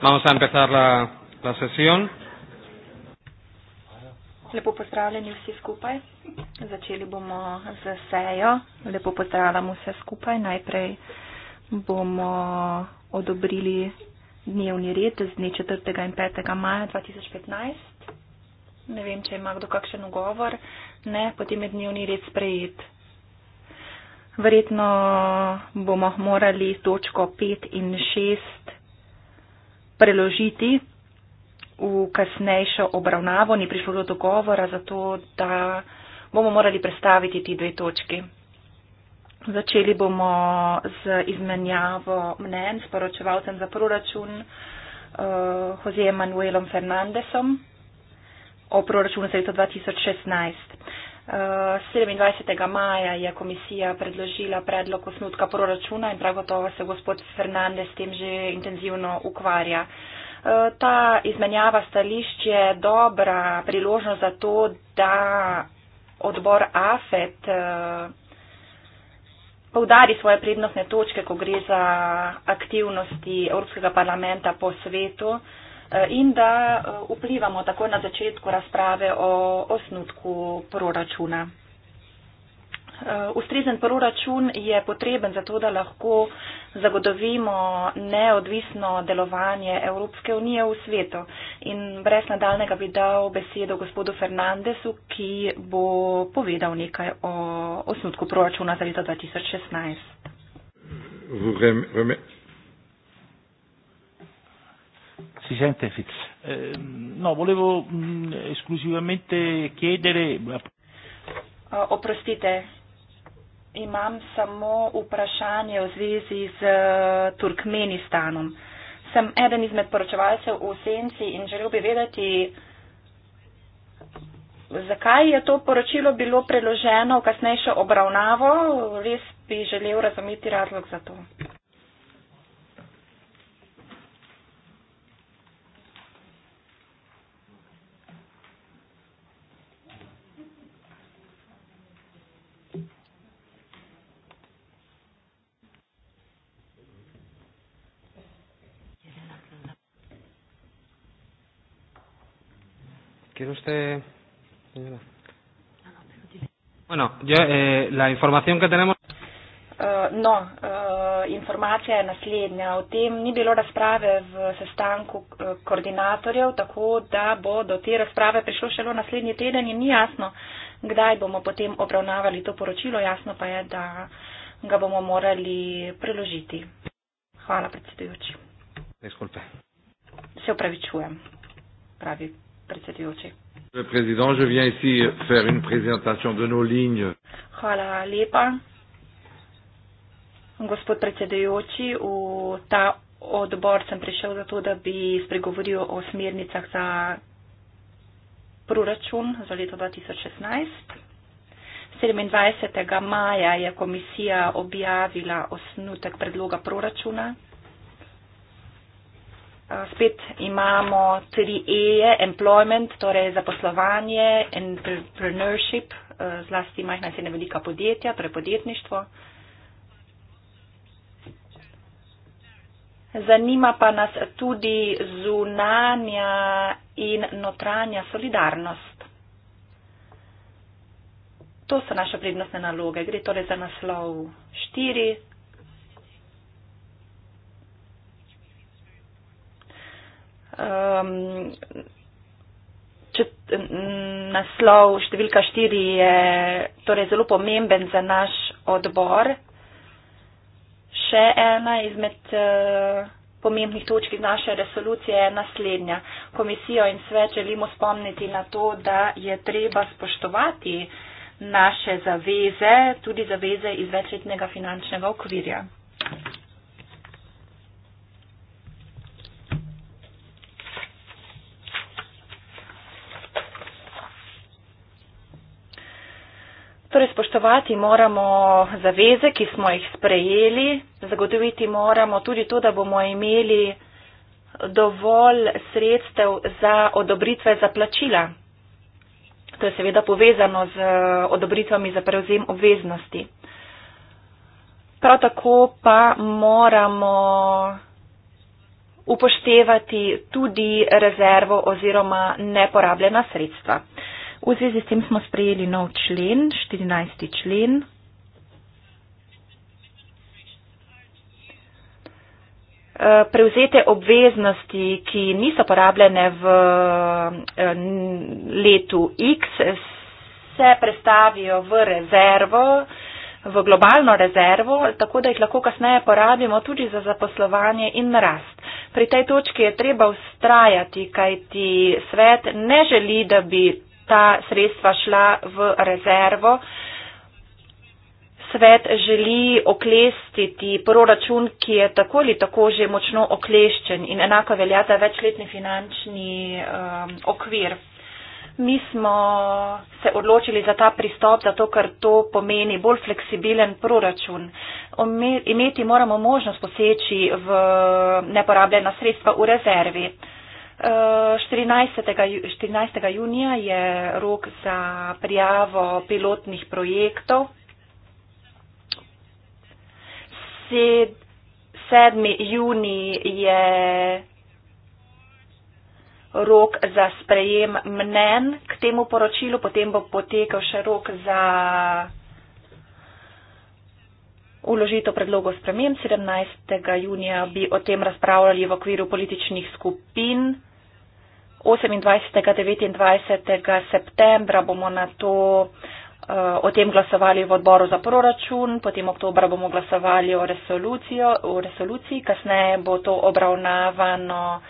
Vamos a empezar la, la sesión. Lepo pozdravljeni vsi skupaj. Začeli bomo z sejo. Lepo pozdravljamo vse skupaj. Najprej bomo odobrili dnevni red z dne 4. in 5. maja 2015. Ne vem, če ima kdo kakšen ugovor. Ne, potem je dnevni red sprejet. Verjetno bomo morali točko 5 in 6 preložiti v kasnejšo obravnavo, ni prišlo do dogovora, zato da bomo morali predstaviti ti dve točki. Začeli bomo z izmenjavo mnen s poročevalcem za proračun uh, eh, Jose Manuelom Fernandesom o proračunu za leto 2016. 27. Eh, maja je komisija predložila predlog osnutka proračuna in prav gotovo se gospod Fernandez s tem že intenzivno ukvarja. Eh, ta izmenjava stališč je dobra priložnost za to, da odbor AFET eh, povdari svoje prednostne točke, ko gre za aktivnosti Evropskega parlamenta po svetu. Eh, in da eh, vplivamo tako na začetku razprave o osnutku proračuna. Eh, ustrezen proračun je potreben zato, da lahko zagodovimo neodvisno delovanje Evropske unije v svetu. In brez nadaljnega bi dal besedo gospodu Fernandesu, ki bo povedal nekaj o osnutku proračuna za leto 2016. Si sente? Sì. Eh, no, volevo mh, mm, esclusivamente chiedere. Uh, oprostite, imam samo vprašanje v zvezi z uh, Turkmenistanom. Sem eden izmed poročevalcev v Senci in želel bi vedeti, zakaj je to poročilo bilo preloženo v kasnejšo obravnavo. Res bi želel razumeti razlog za to. ¿Quiere usted, señora? Bueno, yo, eh, la información que tenemos. Uh, no, uh, informacija je naslednja. O tem ni bilo razprave v sestanku eh, koordinatorjev, tako da bo do te razprave prišlo šele naslednji teden in ni jasno, kdaj bomo potem obravnavali to poročilo. Jasno pa je, da ga bomo morali preložiti. Hvala, predsedujoči. Se upravičujem, pravi predsedujoči. Hvala lepa. Gospod predsedujoči, v ta odbor sem prišel zato, da bi spregovoril o smernicah za proračun za leto 2016. 27. maja je komisija objavila osnutek predloga proračuna spet imamo tri E-je, employment, torej zaposlovanje, entrepreneurship, eh, zlasti majhna sedna velika podjetja, prepodjetništvo. Torej Zanima pa nas tudi zunanja in notranja solidarnost. To so naše prednostne naloge. Gre torej za naslov 4, Um, čet, naslov številka 4 je torej zelo pomemben za naš odbor. Še ena izmed uh, pomembnih točk iz naše resolucije je naslednja. Komisijo in svet želimo spomniti na to, da je treba spoštovati naše zaveze, tudi zaveze iz večletnega finančnega okvirja. Torej, spoštovati moramo zaveze, ki smo jih sprejeli, zagotoviti moramo tudi to, da bomo imeli dovolj sredstev za odobritve za plačila. To je seveda povezano z eh, odobritvami za prevzem obveznosti. Prav tako pa moramo upoštevati tudi rezervo oziroma neporabljena sredstva. V zvezi s tem smo sprejeli nov člen, 14. člen. E, prevzete obveznosti, ki niso porabljene v e, letu X, se prestavijo v rezervo, v globalno rezervo, tako da jih lahko kasneje porabimo tudi za zaposlovanje in rast. Pri tej točki je treba ustrajati, kajti svet ne želi, da bi ta sredstva šla v rezervo. Svet želi oklestiti proračun, ki je tako ali tako že močno okleščen in enako velja za večletni finančni um, okvir. Mi smo se odločili za ta pristop, zato ker to pomeni bolj fleksibilen proračun. Imeti moramo možnost poseči v neporabljena sredstva v rezervi. 14. 14. junija je rok za prijavo pilotnih projektov. 7. juni je rok za sprejem mnen k temu poročilu, potem bo potekal še rok za uložito predlogo sprememb. 17. junija bi o tem razpravljali v okviru političnih skupin. 28. in 29. septembra bomo na to eh, o tem glasovali v odboru za proračun, potem oktobra bomo glasovali o, o resoluciji, kasneje bo to obravnavano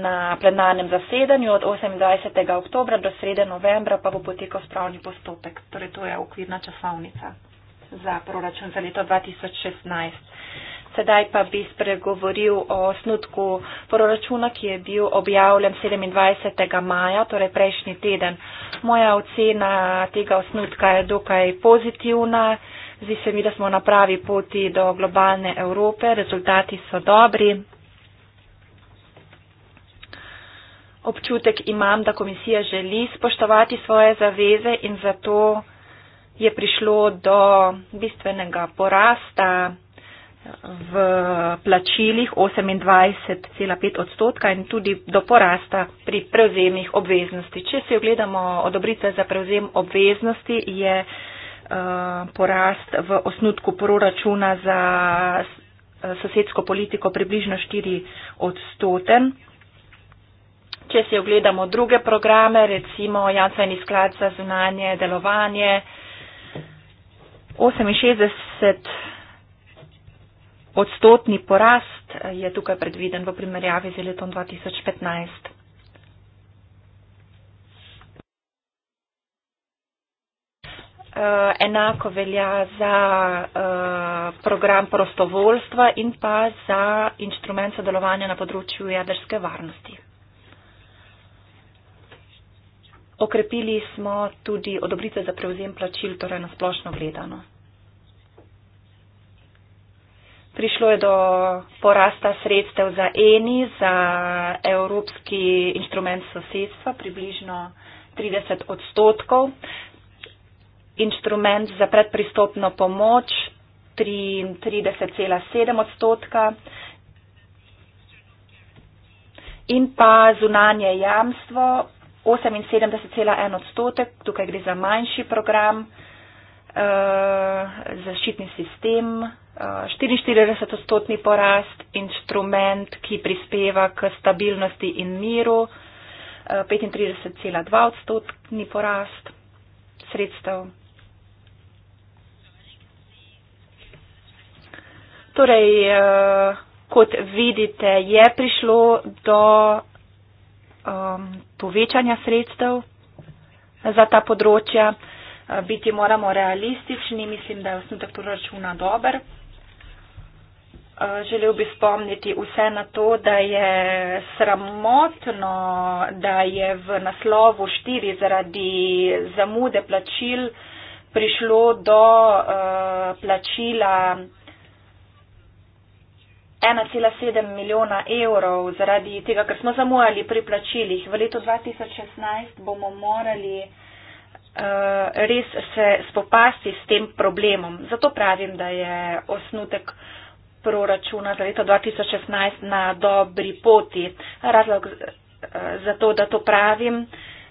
na plenarnem zasedanju od 28. oktobra do srede novembra pa bo potekal spravni postopek. Torej, to je okvirna časovnica za proračun za leto 2016. Sedaj pa bi spregovoril o snutku proračuna, ki je bil objavljen 27. maja, torej prejšnji teden. Moja ocena tega osnutka je dokaj pozitivna. Zdi se mi, da smo na pravi poti do globalne Evrope, rezultati so dobri. Občutek imam, da komisija želi spoštovati svoje zaveze in zato je prišlo do bistvenega porasta v plačilih 28,5 odstotka in tudi do porasta pri prevzemih obveznosti. Če si ogledamo odobritve za prevzem obveznosti, je eh, porast v osnutku proračuna za eh, sosedsko politiko približno 4 odstoten. Če si ogledamo druge programe, recimo Jansveni sklad za zunanje delovanje, 68 odstotni porast eh, je tukaj predviden v primerjavi z letom 2015. Eh, enako velja za eh, program prostovoljstva in pa za inštrument sodelovanja na področju jedrske varnosti. Okrepili smo tudi odobritve za prevzem plačil, torej na splošno gledano prišlo je do porasta sredstev za ENI, za Evropski inštrument sosedstva, približno 30 odstotkov, inštrument za predpristopno pomoč 33,7 odstotka in pa zunanje jamstvo 78,1 odstotek, tukaj gre za manjši program. Eh, zaščitni sistem, 44-stotni eh, porast, inštrument, ki prispeva k stabilnosti in miru, 35,2-stotni eh, porast sredstev. Torej, kot vidite, je prišlo do ehm, povečanja sredstev za ta področja. Eh, biti moramo realistični, mislim, da je osnutek proračuna dober. Eh, želel bi spomniti vse na to, da je sramotno, da je v naslovu 4 zaradi zamude plačil prišlo do eh, plačila 1,7 milijona evrov zaradi tega, ker smo zamujali pri plačilih. V letu 2016 bomo morali Eh, res se spopasti s tem problemom. Zato pravim, da je osnutek proračuna za leto 2016 na dobri poti. Razlog eh, za to, da to pravim,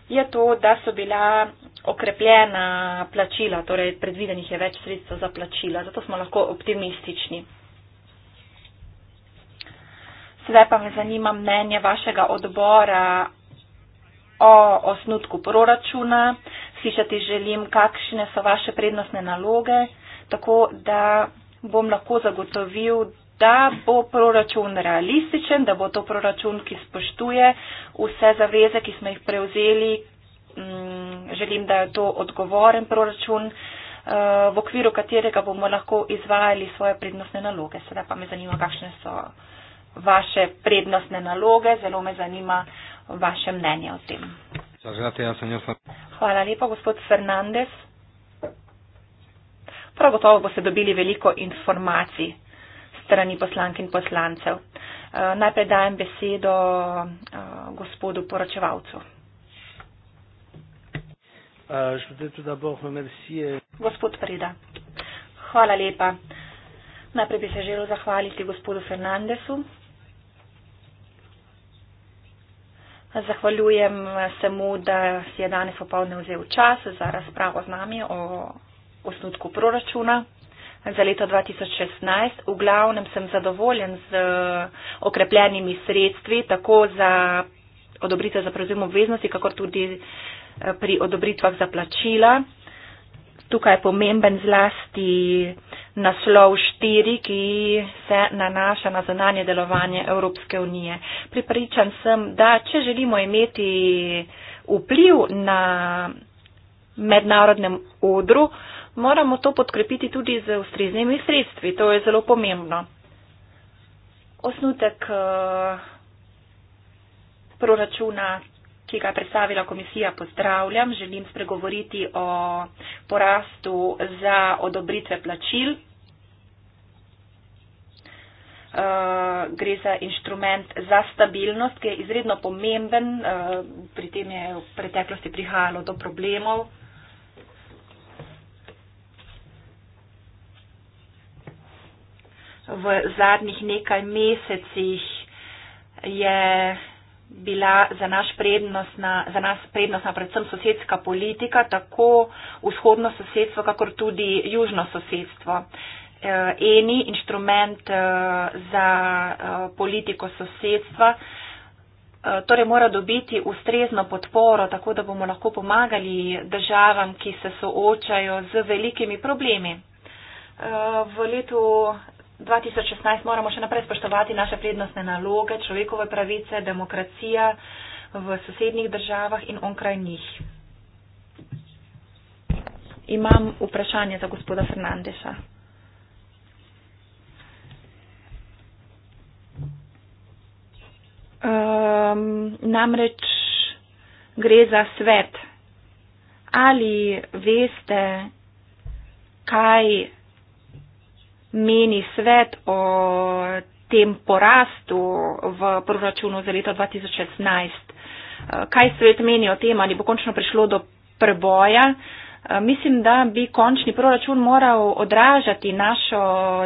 je to, da so bila okrepljena plačila, torej predvidenih je več sredstev za plačila. Zato smo lahko optimistični. Sedaj pa me zanima mnenje vašega odbora o osnutku proračuna slišati želim, kakšne so vaše prednostne naloge, tako da bom lahko zagotovil, da bo proračun realističen, da bo to proračun, ki spoštuje vse zaveze, ki smo jih prevzeli. Mm, želim, da je to odgovoren proračun, eh, v okviru katerega bomo lahko izvajali svoje prednostne naloge. Sedaj pa me zanima, kakšne so vaše prednostne naloge. Zelo me zanima, vaše mnenje o tem. Hvala lepa, gospod Fernandez. Prav gotovo boste dobili veliko informacij strani poslank in poslancev. Eh, najprej dajem besedo eh, gospodu poročevalcu. Eh, gospod Preda, hvala lepa. Najprej bi se želel zahvaliti gospodu Fernandesu, Zahvaljujem se mu, da si je danes popolne vzel čas za razpravo z nami o osnutku proračuna za leto 2016. V glavnem sem zadovoljen z okrepljenimi sredstvi, tako za odobritev za prevzem obveznosti, kakor tudi eh, pri odobritvah za plačila. Tukaj je pomemben zlasti naslov 4, ki se nanaša na zunanje delovanje Evropske unije. Pripričan sem, da če želimo imeti vpliv na mednarodnem odru, moramo to podkrepiti tudi z ustreznimi sredstvi. To je zelo pomembno. Osnutek eh, proračuna, ki ga je predstavila komisija, pozdravljam. Želim spregovoriti o porastu za odobritve plačil. Uh, gre za inštrument za stabilnost, ki je izredno pomemben, uh, pri tem je v preteklosti prihajalo do problemov. V zadnjih nekaj mesecih je bila za, naš prednostna, za nas prednostna predvsem sosedska politika, tako vzhodno sosedstvo, kakor tudi južno sosedstvo. Eh, eni inštrument eh, za eh, politiko sosedstva torej mora dobiti ustrezno podporo, tako da bomo lahko pomagali državam, ki se soočajo z velikimi problemi. V letu 2016 moramo še naprej spoštovati naše prednostne naloge, človekove pravice, demokracija v sosednjih državah in onkraj njih. Imam vprašanje za gospoda Fernandeša. Um, namreč gre za svet. Ali veste, kaj meni svet o tem porastu v proračunu za leto 2016. Eh, kaj svet meni o tem, ali bo končno prišlo do preboja? Eh, mislim, da bi končni proračun moral odražati našo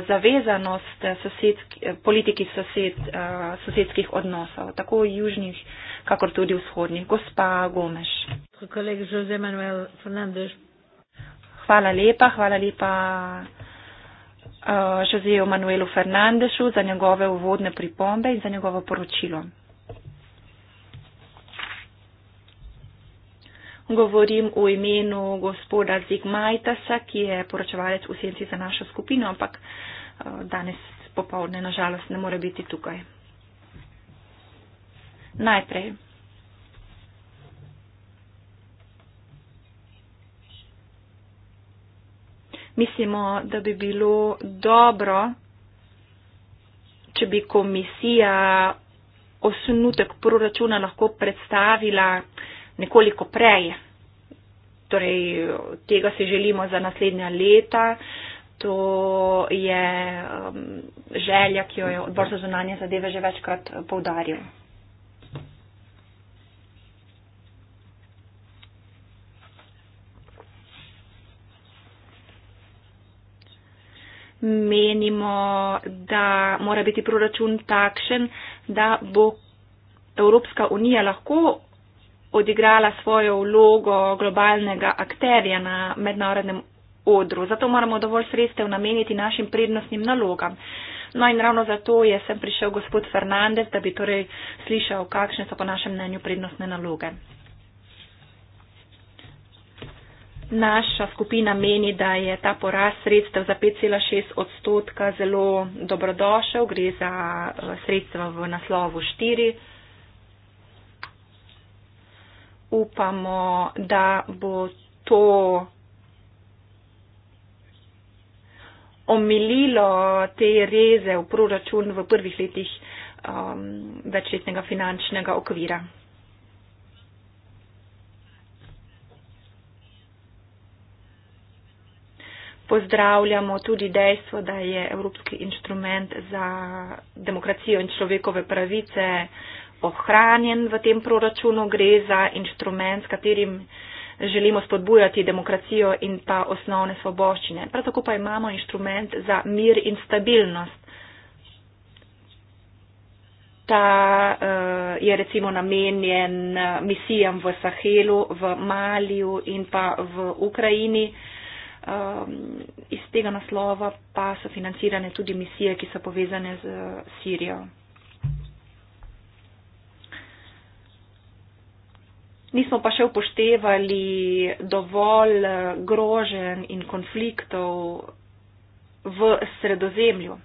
zavezanost eh, sosedski, politiki sosed, sosedskih odnosov, tako južnih, kakor tudi vzhodnih. Gospa Gomeš. Hvala lepa, hvala lepa. Uh, Joseju Manuelu Fernandešu za njegove uvodne pripombe in za njegovo poročilo. Govorim v imenu gospoda Zigmajtasa, ki je poročevalec v senci za našo skupino, ampak uh, danes popovdne nažalost ne more biti tukaj. Najprej. Mislimo, da bi bilo dobro, če bi komisija osnutek proračuna lahko predstavila nekoliko prej. Torej, tega si želimo za naslednja leta. To je um, želja, ki jo je odbor za zunanje zadeve že večkrat poudaril. menimo, da mora biti proračun takšen, da bo Evropska unija lahko odigrala svojo vlogo globalnega akterja na mednarodnem odru. Zato moramo dovolj sredstev nameniti našim prednostnim nalogam. No in ravno zato je sem prišel gospod Fernandez, da bi torej slišal, kakšne so po našem mnenju prednostne naloge. Naša skupina meni, da je ta porast sredstev za 5,6 odstotka zelo dobrodošel, gre za eh, sredstva v naslovu 4. Upamo, da bo to omililo te reze v proračun v prvih letih um, večletnega finančnega okvira. pozdravljamo tudi dejstvo, da je Evropski inštrument za demokracijo in človekove pravice ohranjen v tem proračunu. Gre za inštrument, s katerim želimo spodbujati demokracijo in pa osnovne svoboščine. Prav tako pa imamo inštrument za mir in stabilnost. Ta uh, je recimo namenjen eh, misijam v Sahelu, v Maliju in pa v Ukrajini. Uh, um, iz tega naslova pa so financirane tudi misije, ki so povezane z Sirijo. Nismo pa še upoštevali dovolj eh, grožen in konfliktov v sredozemlju.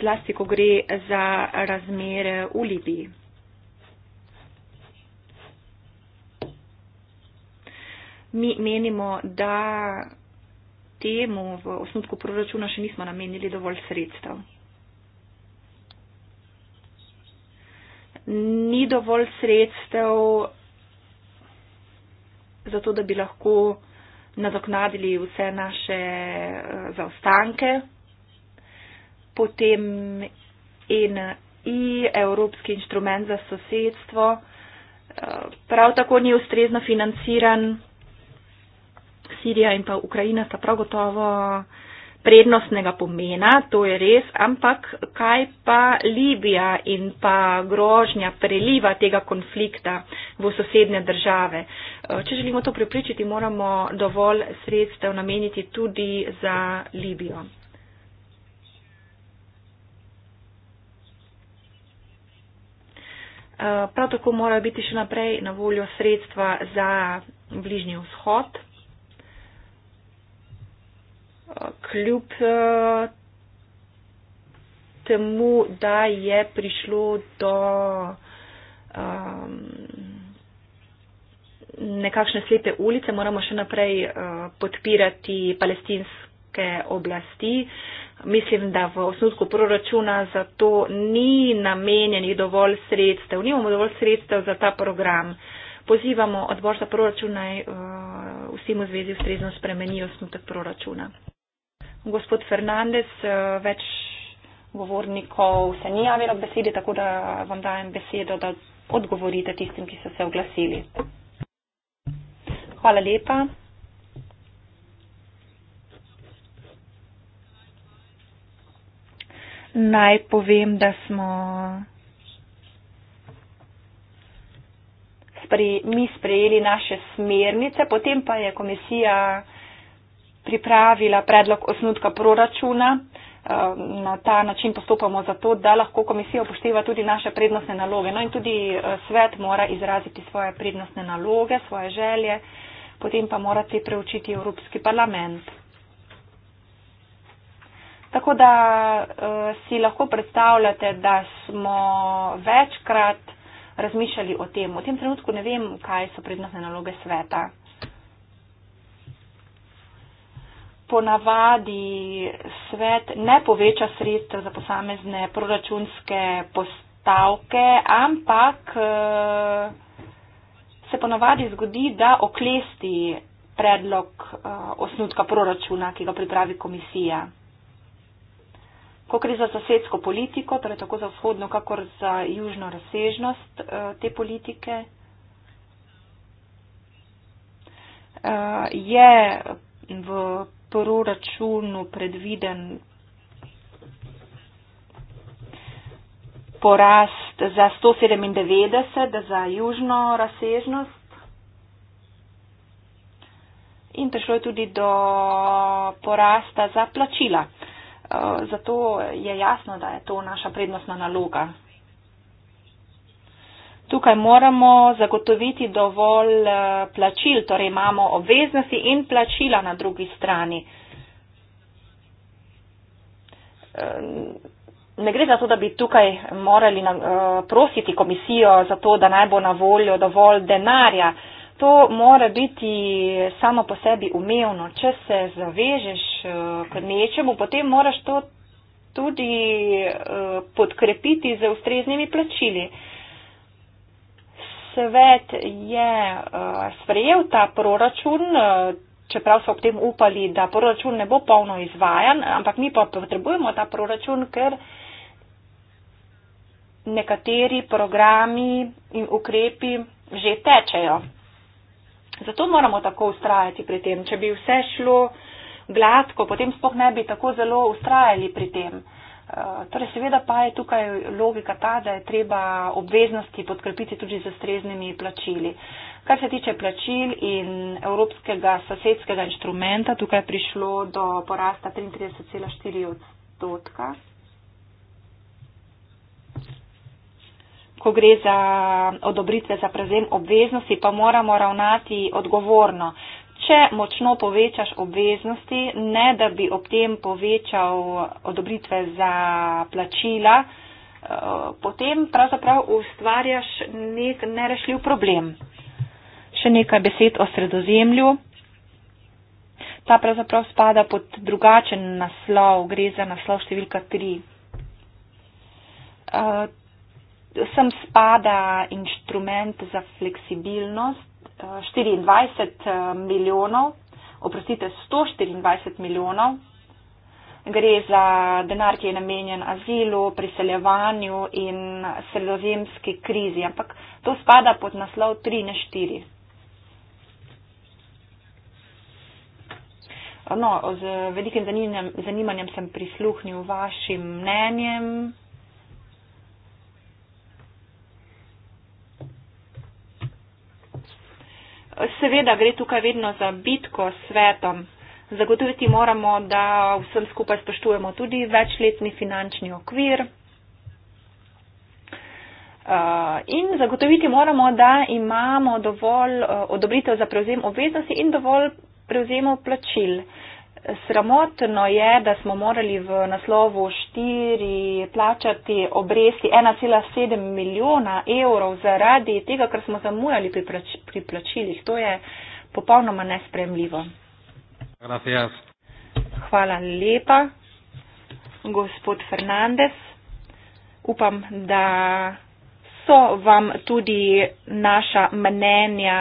Zlasti, ko gre za razmere v Libiji. mi menimo, da temu v osnutku proračuna še nismo namenili dovolj sredstev. Ni dovolj sredstev za to, da bi lahko nadoknadili vse naše eh, zaostanke. Potem NI, Evropski inštrument za sosedstvo, eh, prav tako ni ustrezno financiran. Sirija in pa Ukrajina sta prav gotovo prednostnega pomena, to je res, ampak kaj pa Libija in pa grožnja preliva tega konflikta v sosednje države? Eh, če želimo to prepričati, moramo dovolj sredstev nameniti tudi za Libijo. Eh, prav tako morajo biti še naprej na voljo sredstva za bližnji vzhod kljub eh, temu, da je prišlo do ehm, nekakšne slepe ulice, moramo še naprej eh, podpirati palestinske oblasti. Mislim, da v osnovsku proračuna za to ni namenjenih dovolj sredstev. Nimamo dovolj sredstev za ta program. Pozivamo odbor za proračun naj uh, vsem v zvezi ustrezno spremenijo osnutek proračuna gospod Fernandez, eh, več govornikov se ni javilo k besedi, tako da vam dajem besedo, da odgovorite tistim, ki so se oglasili. Hvala lepa. Naj povem, da smo. Mi sprejeli naše smernice, potem pa je komisija pripravila predlog osnutka proračuna. Eh, na ta način postopamo zato, da lahko komisija upošteva tudi naše prednostne naloge. No in tudi eh, svet mora izraziti svoje prednostne naloge, svoje želje, potem pa mora te preučiti Evropski parlament. Tako da eh, si lahko predstavljate, da smo večkrat razmišljali o tem. V tem trenutku ne vem, kaj so prednostne naloge sveta. ponavadi svet ne poveča sredstev za posamezne proračunske postavke, ampak eh, se ponavadi zgodi, da oklesti predlog eh, osnutka proračuna, ki ga pripravi komisija. Ko gre za sosedsko politiko, torej tako za vzhodno, kakor za južno razsežnost eh, te politike, je v proračunu predviden porast za 197 za južno razsežnost. In prišlo je tudi do porasta za plačila. Zato je jasno, da je to naša prednostna naloga Tukaj moramo zagotoviti dovolj eh, plačil, torej imamo obveznosti in plačila na drugi strani. Eh, ne gre za to, da bi tukaj morali eh, prositi komisijo za to, da naj bo na voljo dovolj denarja. To mora biti samo po sebi umevno. Če se zavežeš k nečemu, potem moraš to tudi podkrepiti z ustreznimi plačili svet je eh, sprejel ta proračun, eh, čeprav so ob tem upali, da proračun ne bo polno izvajan, ampak mi pa potrebujemo ta proračun, ker nekateri programi in ukrepi že tečejo. Zato moramo tako ustrajati pri tem. Če bi vse šlo gladko, potem spoh ne bi tako zelo ustrajali pri tem. Eh, torej seveda pa je tukaj logika ta, da je treba obveznosti podkrepiti tudi z ustreznimi plačili. Kar se tiče plačil in evropskega sosedskega inštrumenta, tukaj je prišlo do porasta 33,4 odstotka. Ko gre za odobritve za prevzem obveznosti, pa moramo ravnati odgovorno če močno povečaš obveznosti, ne da bi ob tem povečal odobritve za plačila, eh, potem pravzaprav ustvarjaš nek nerešljiv problem. Še nekaj besed o sredozemlju. Ta pravzaprav spada pod drugačen naslov, gre za naslov številka 3. Eh, sem spada inštrument za fleksibilnost. 24 eh, milijonov, oprostite, 124 milijonov gre za denar, ki je namenjen azilu, priseljevanju in sredozemski krizi, ampak to spada pod naslov 3 ne 4. No, z velikim zanimanjem sem prisluhnil vašim mnenjem. Seveda gre tukaj vedno za bitko s svetom. Zagotoviti moramo, da vsem skupaj spoštujemo tudi večletni finančni okvir. Eh, in zagotoviti moramo, da imamo dovolj eh, odobritev za prevzem obveznosti in dovolj prevzemov plačil. Sramotno je, da smo morali v naslovu 4 plačati obresti 1,7 milijona evrov zaradi tega, ker smo zamujali pri, plač pri plačilih. To je popolnoma nespremljivo. Gracias. Hvala lepa, gospod Fernandez. Upam, da so vam tudi naša mnenja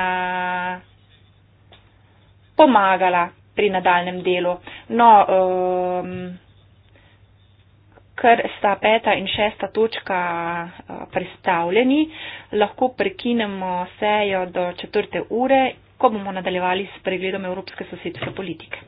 pomagala pri nadaljem delu. No, um, ker sta peta in šesta točka uh, predstavljeni, lahko prekinemo sejo do četrte ure, ko bomo nadaljevali s pregledom evropske sosedske politike.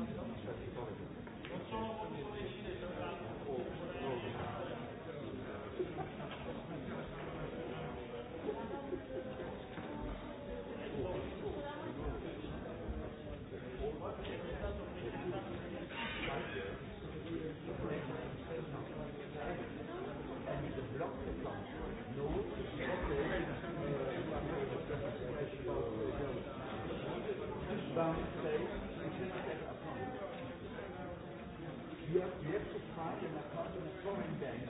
Thank you.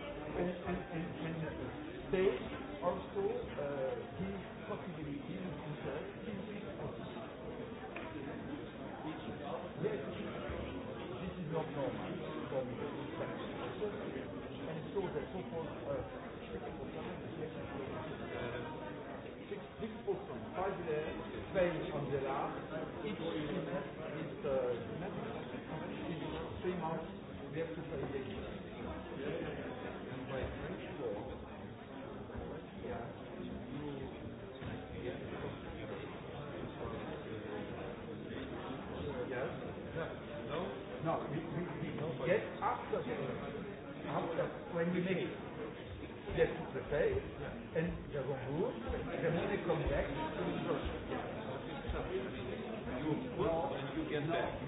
En de retour, de monnaie comme back,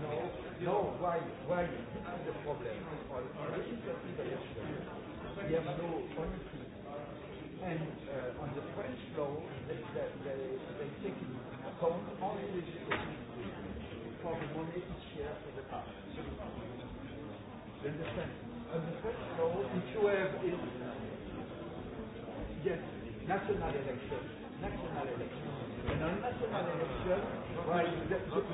No, no, why, why the problem? There is no policy. And uh, on the French law, they, they, they, they take in account only the for the money each year for the past. You understand? On the French law, if you have... Yes national election, national election. Et dans une national election, ouais, vous êtes notre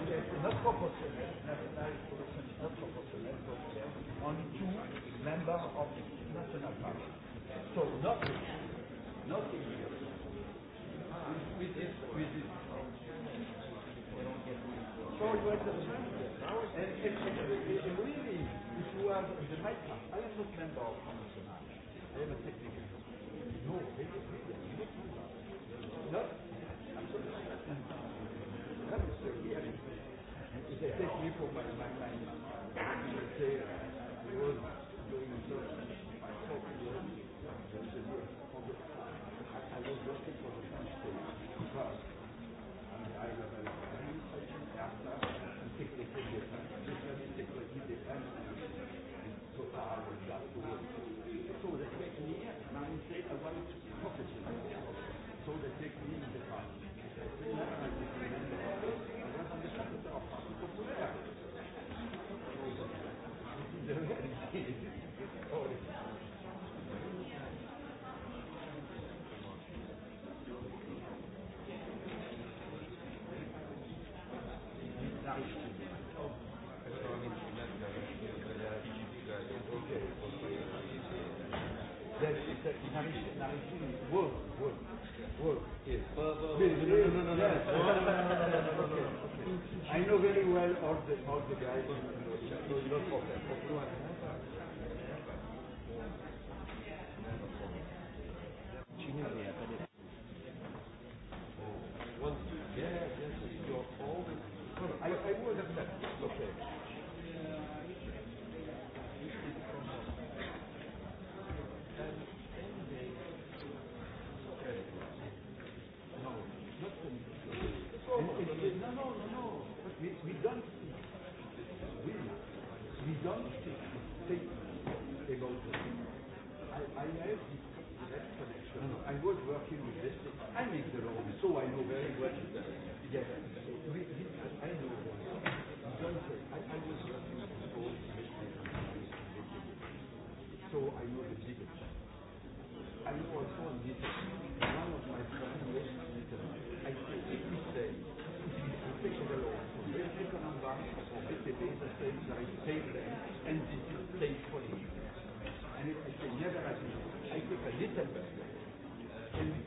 proportionnel, national proportionnel, notre proportionnel, on est tous members of the national party. So, not not in here. Ah, with this, with this. So, it was the same. And, and, and really, if you are the right part, I am not member of the national. I am a technical. No, it is. Ja. Please, no, no, no, no. Yes. no, no, no, no, no, no. Okay. I know very well all the all the guys. So not problem. I was working with this. I make the rules, so I know very well. Yes.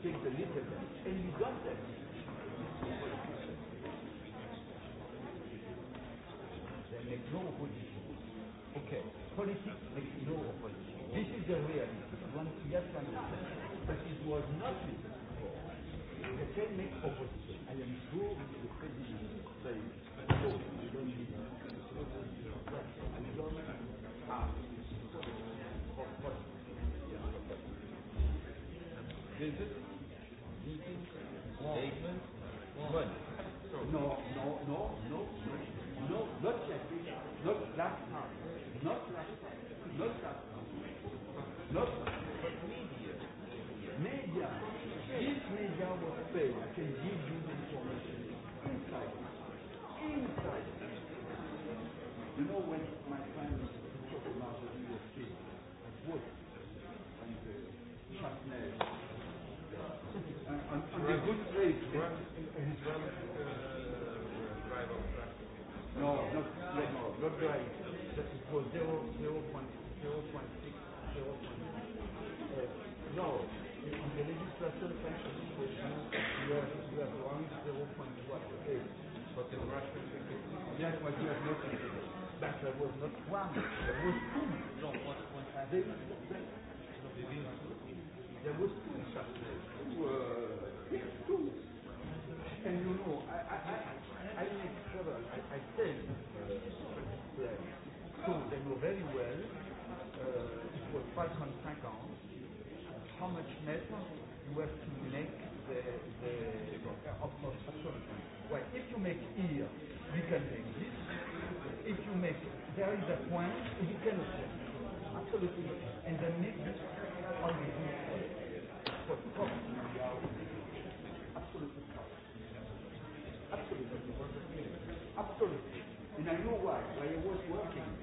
think the need for that. And you got that. They make no opposition. Okay. Politics makes no opposition. This is the reality. One yes understand. But it was nothing before. They can make opposition. I am sure the president is saying, no, you don't need that. Is it? Nord. Christ that is for 0, 0, 0.6, 0, 0.6, 0, 0.6. Uh, no, in the legislation, sanctions for you, you have, you have one 0, 0.1, okay? But the Russian Yes, but you have nothing. But there was not one, there was two. No, one, one, one. There was two in Saturday. Two, uh, two. And you know, I, I, I, I make trouble, I, I tell you very well. Uh, it was 550. How much metal you have to make the the uh, solution? Well, if you make here, you can make this. If you make there is a point, you cannot make absolutely. And then make this on the inside. For absolutely. Absolutely. Absolutely. And I know why. I was working.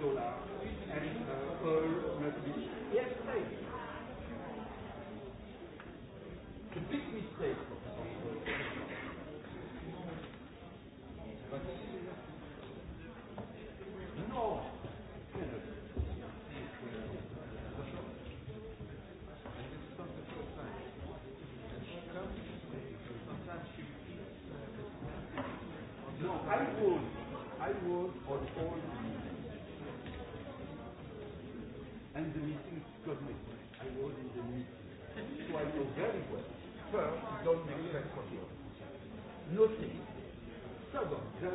dollars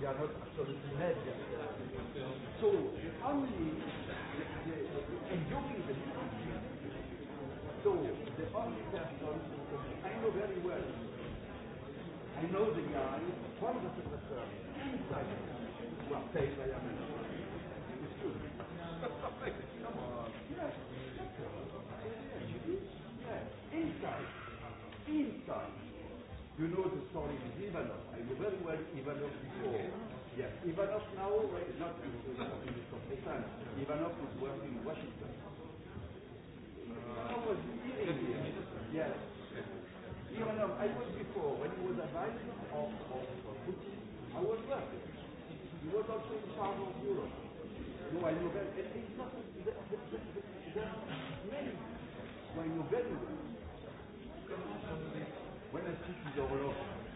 they are not absolutely mad yet. So the family enjoying the country. So the only person I know very well. I know the guy from the professor inside who are paid by America. It's true. Come on. Yes. Inside, inside, you know the story is developed the very word Ivanov before. Yes, Ivanov now, right, not in the Sultan. Ivanov was working in Washington. Uh, I was here. Yes. Ivanov, I was before, when he was advisor of, of, of Putin, I was working. He was also in charge of Europe. No, I know that. And it's not that there are many. When you're very well. When I speak to the world,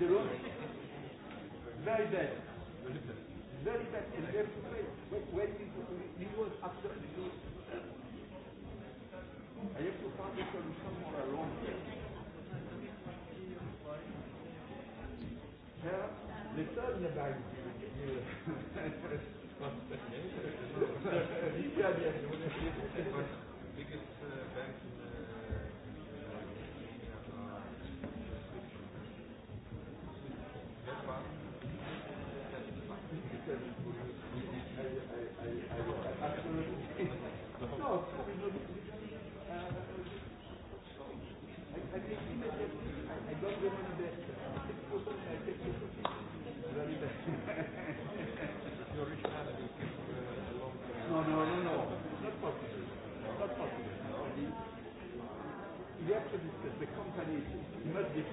الدروس زايدات زايدات الدرس وين يوز اكثر الدروس هيكتب بعض الدكتور مشتاق مورا لون ها لسان نبعي Yeah, yeah, yeah.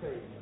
faith.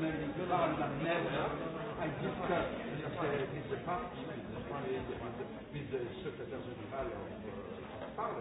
Mais ce secrétaire général parle.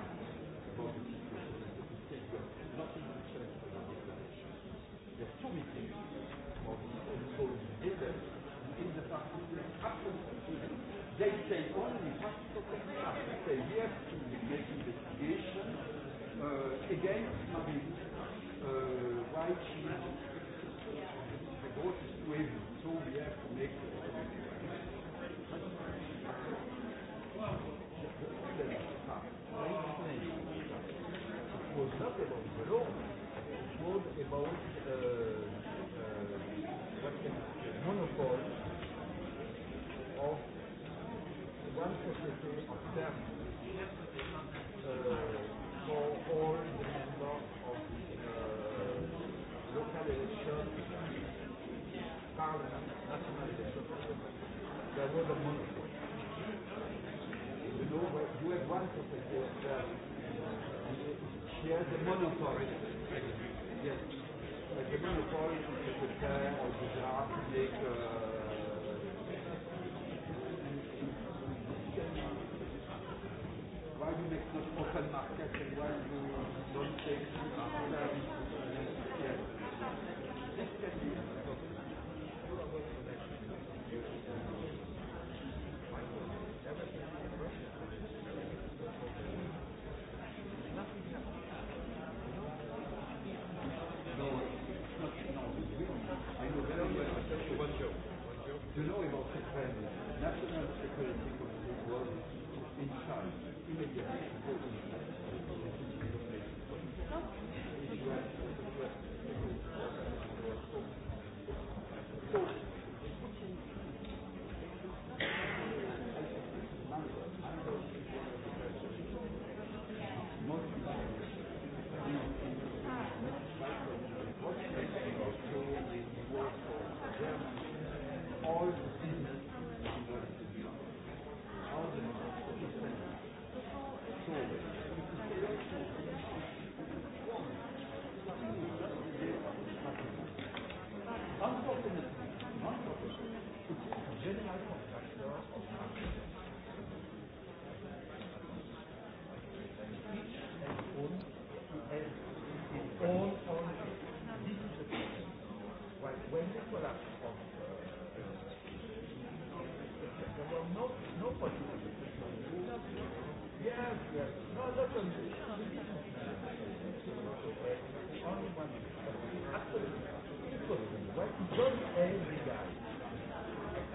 Don't end the guy.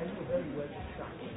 I know very well it's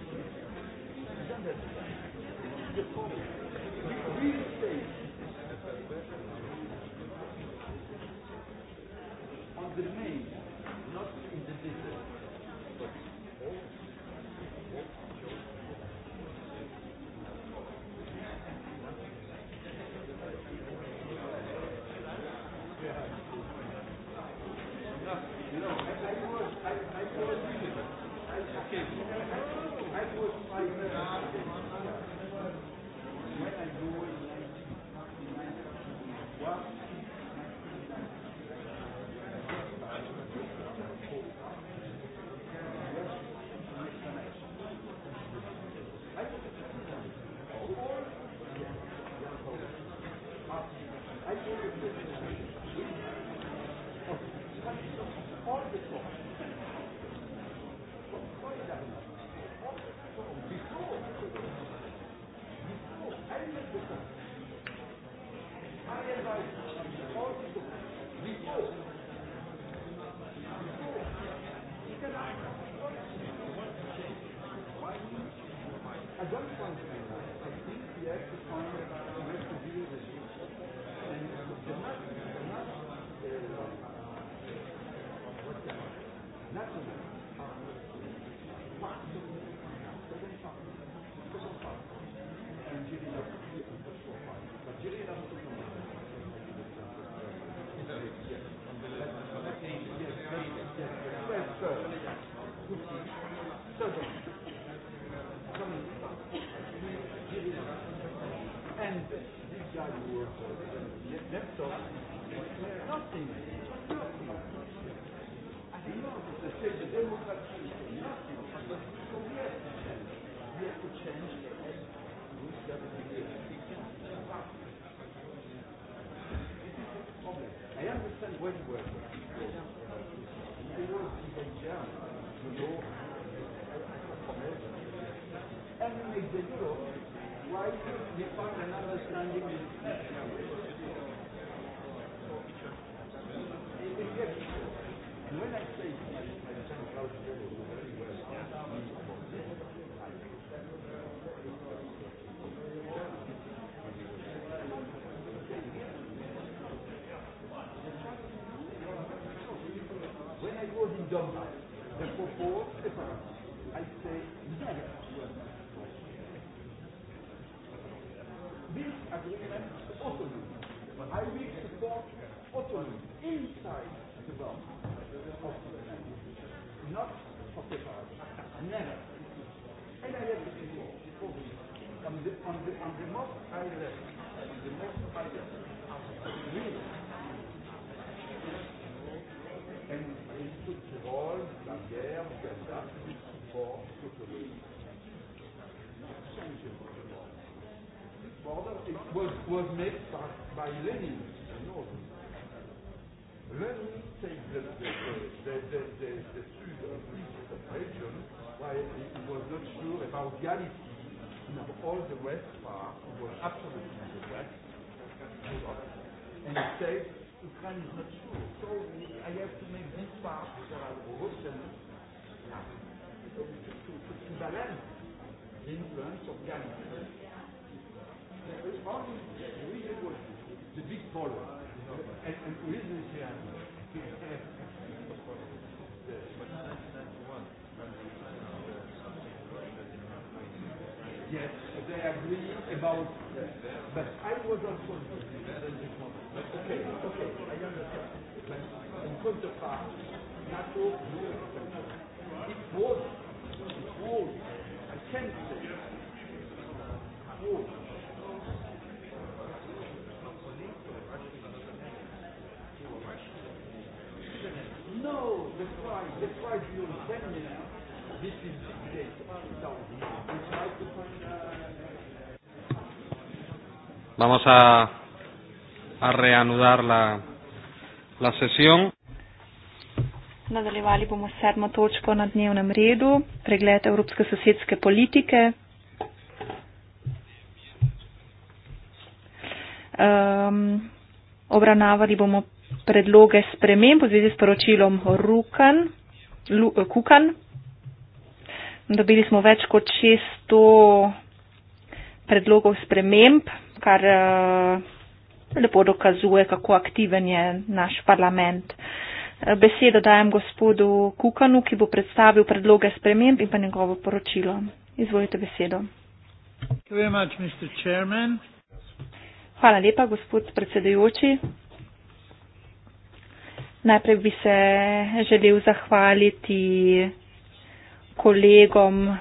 Nothing. Nothing. I demand the state of democracy. was made by, by Lenin. You know. Lenin takes the, the, the, the, the, the, the sud of the region while he was not sure about Galicia. In all the west part, was absolutely in the west. And he said, Ukraine is not sure. So I have to make this part, which are Russian, yeah, to, to, to balance the influence of Galicia it's probably we did what the big polo. And and we didn't see that. Yes, they agree about yes. but I was on point. Okay, okay, I understand. But in part, NATO, it was, it was, I can't Vamos a, a reanudar la, la sesión. Nadaljevali bomo s sedmo točko na dnevnem redu, pregled evropske sosedske politike. Um, obravnavali bomo predloge sprememb v zvezi s poročilom Rukan, Lu, eh, Kukan. Dobili smo več kot 600 predlogov sprememb, kar eh, lepo dokazuje, kako aktiven je naš parlament. Eh, besedo dajem gospodu Kukanu, ki bo predstavil predloge sprememb in pa njegovo poročilo. Izvolite besedo. Hvala lepa, gospod predsedujoči. Najprej bi se želel zahvaliti kolegom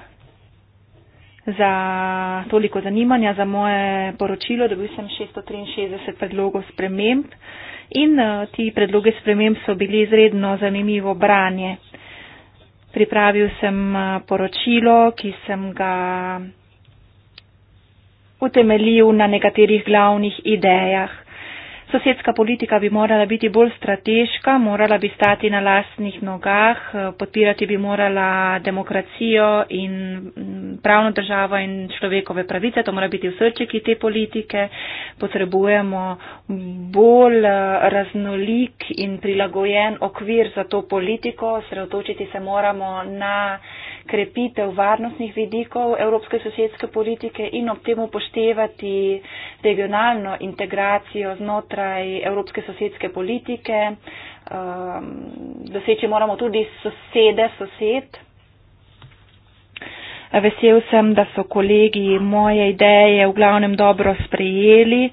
za toliko zanimanja za moje poročilo. Dobil sem 663 predlogov sprememb in eh, ti predloge sprememb so bili izredno zanimivo branje. Pripravil sem eh, poročilo, ki sem ga utemeljil na nekaterih glavnih idejah. Sosedska politika bi morala biti bolj strateška, morala bi stati na lastnih nogah, eh, podpirati bi morala demokracijo in mm, pravno državo in človekove pravice. To mora biti v srčiki te politike. Potrebujemo bolj eh, raznolik in prilagojen okvir za to politiko. Sredotočiti se moramo na krepitev varnostnih vidikov evropske sosedske politike in ob tem upoštevati regionalno integracijo znotraj evropske sosedske politike. Ehm, doseči moramo tudi sosede sosed. Vesel sem, da so kolegi moje ideje v glavnem dobro sprejeli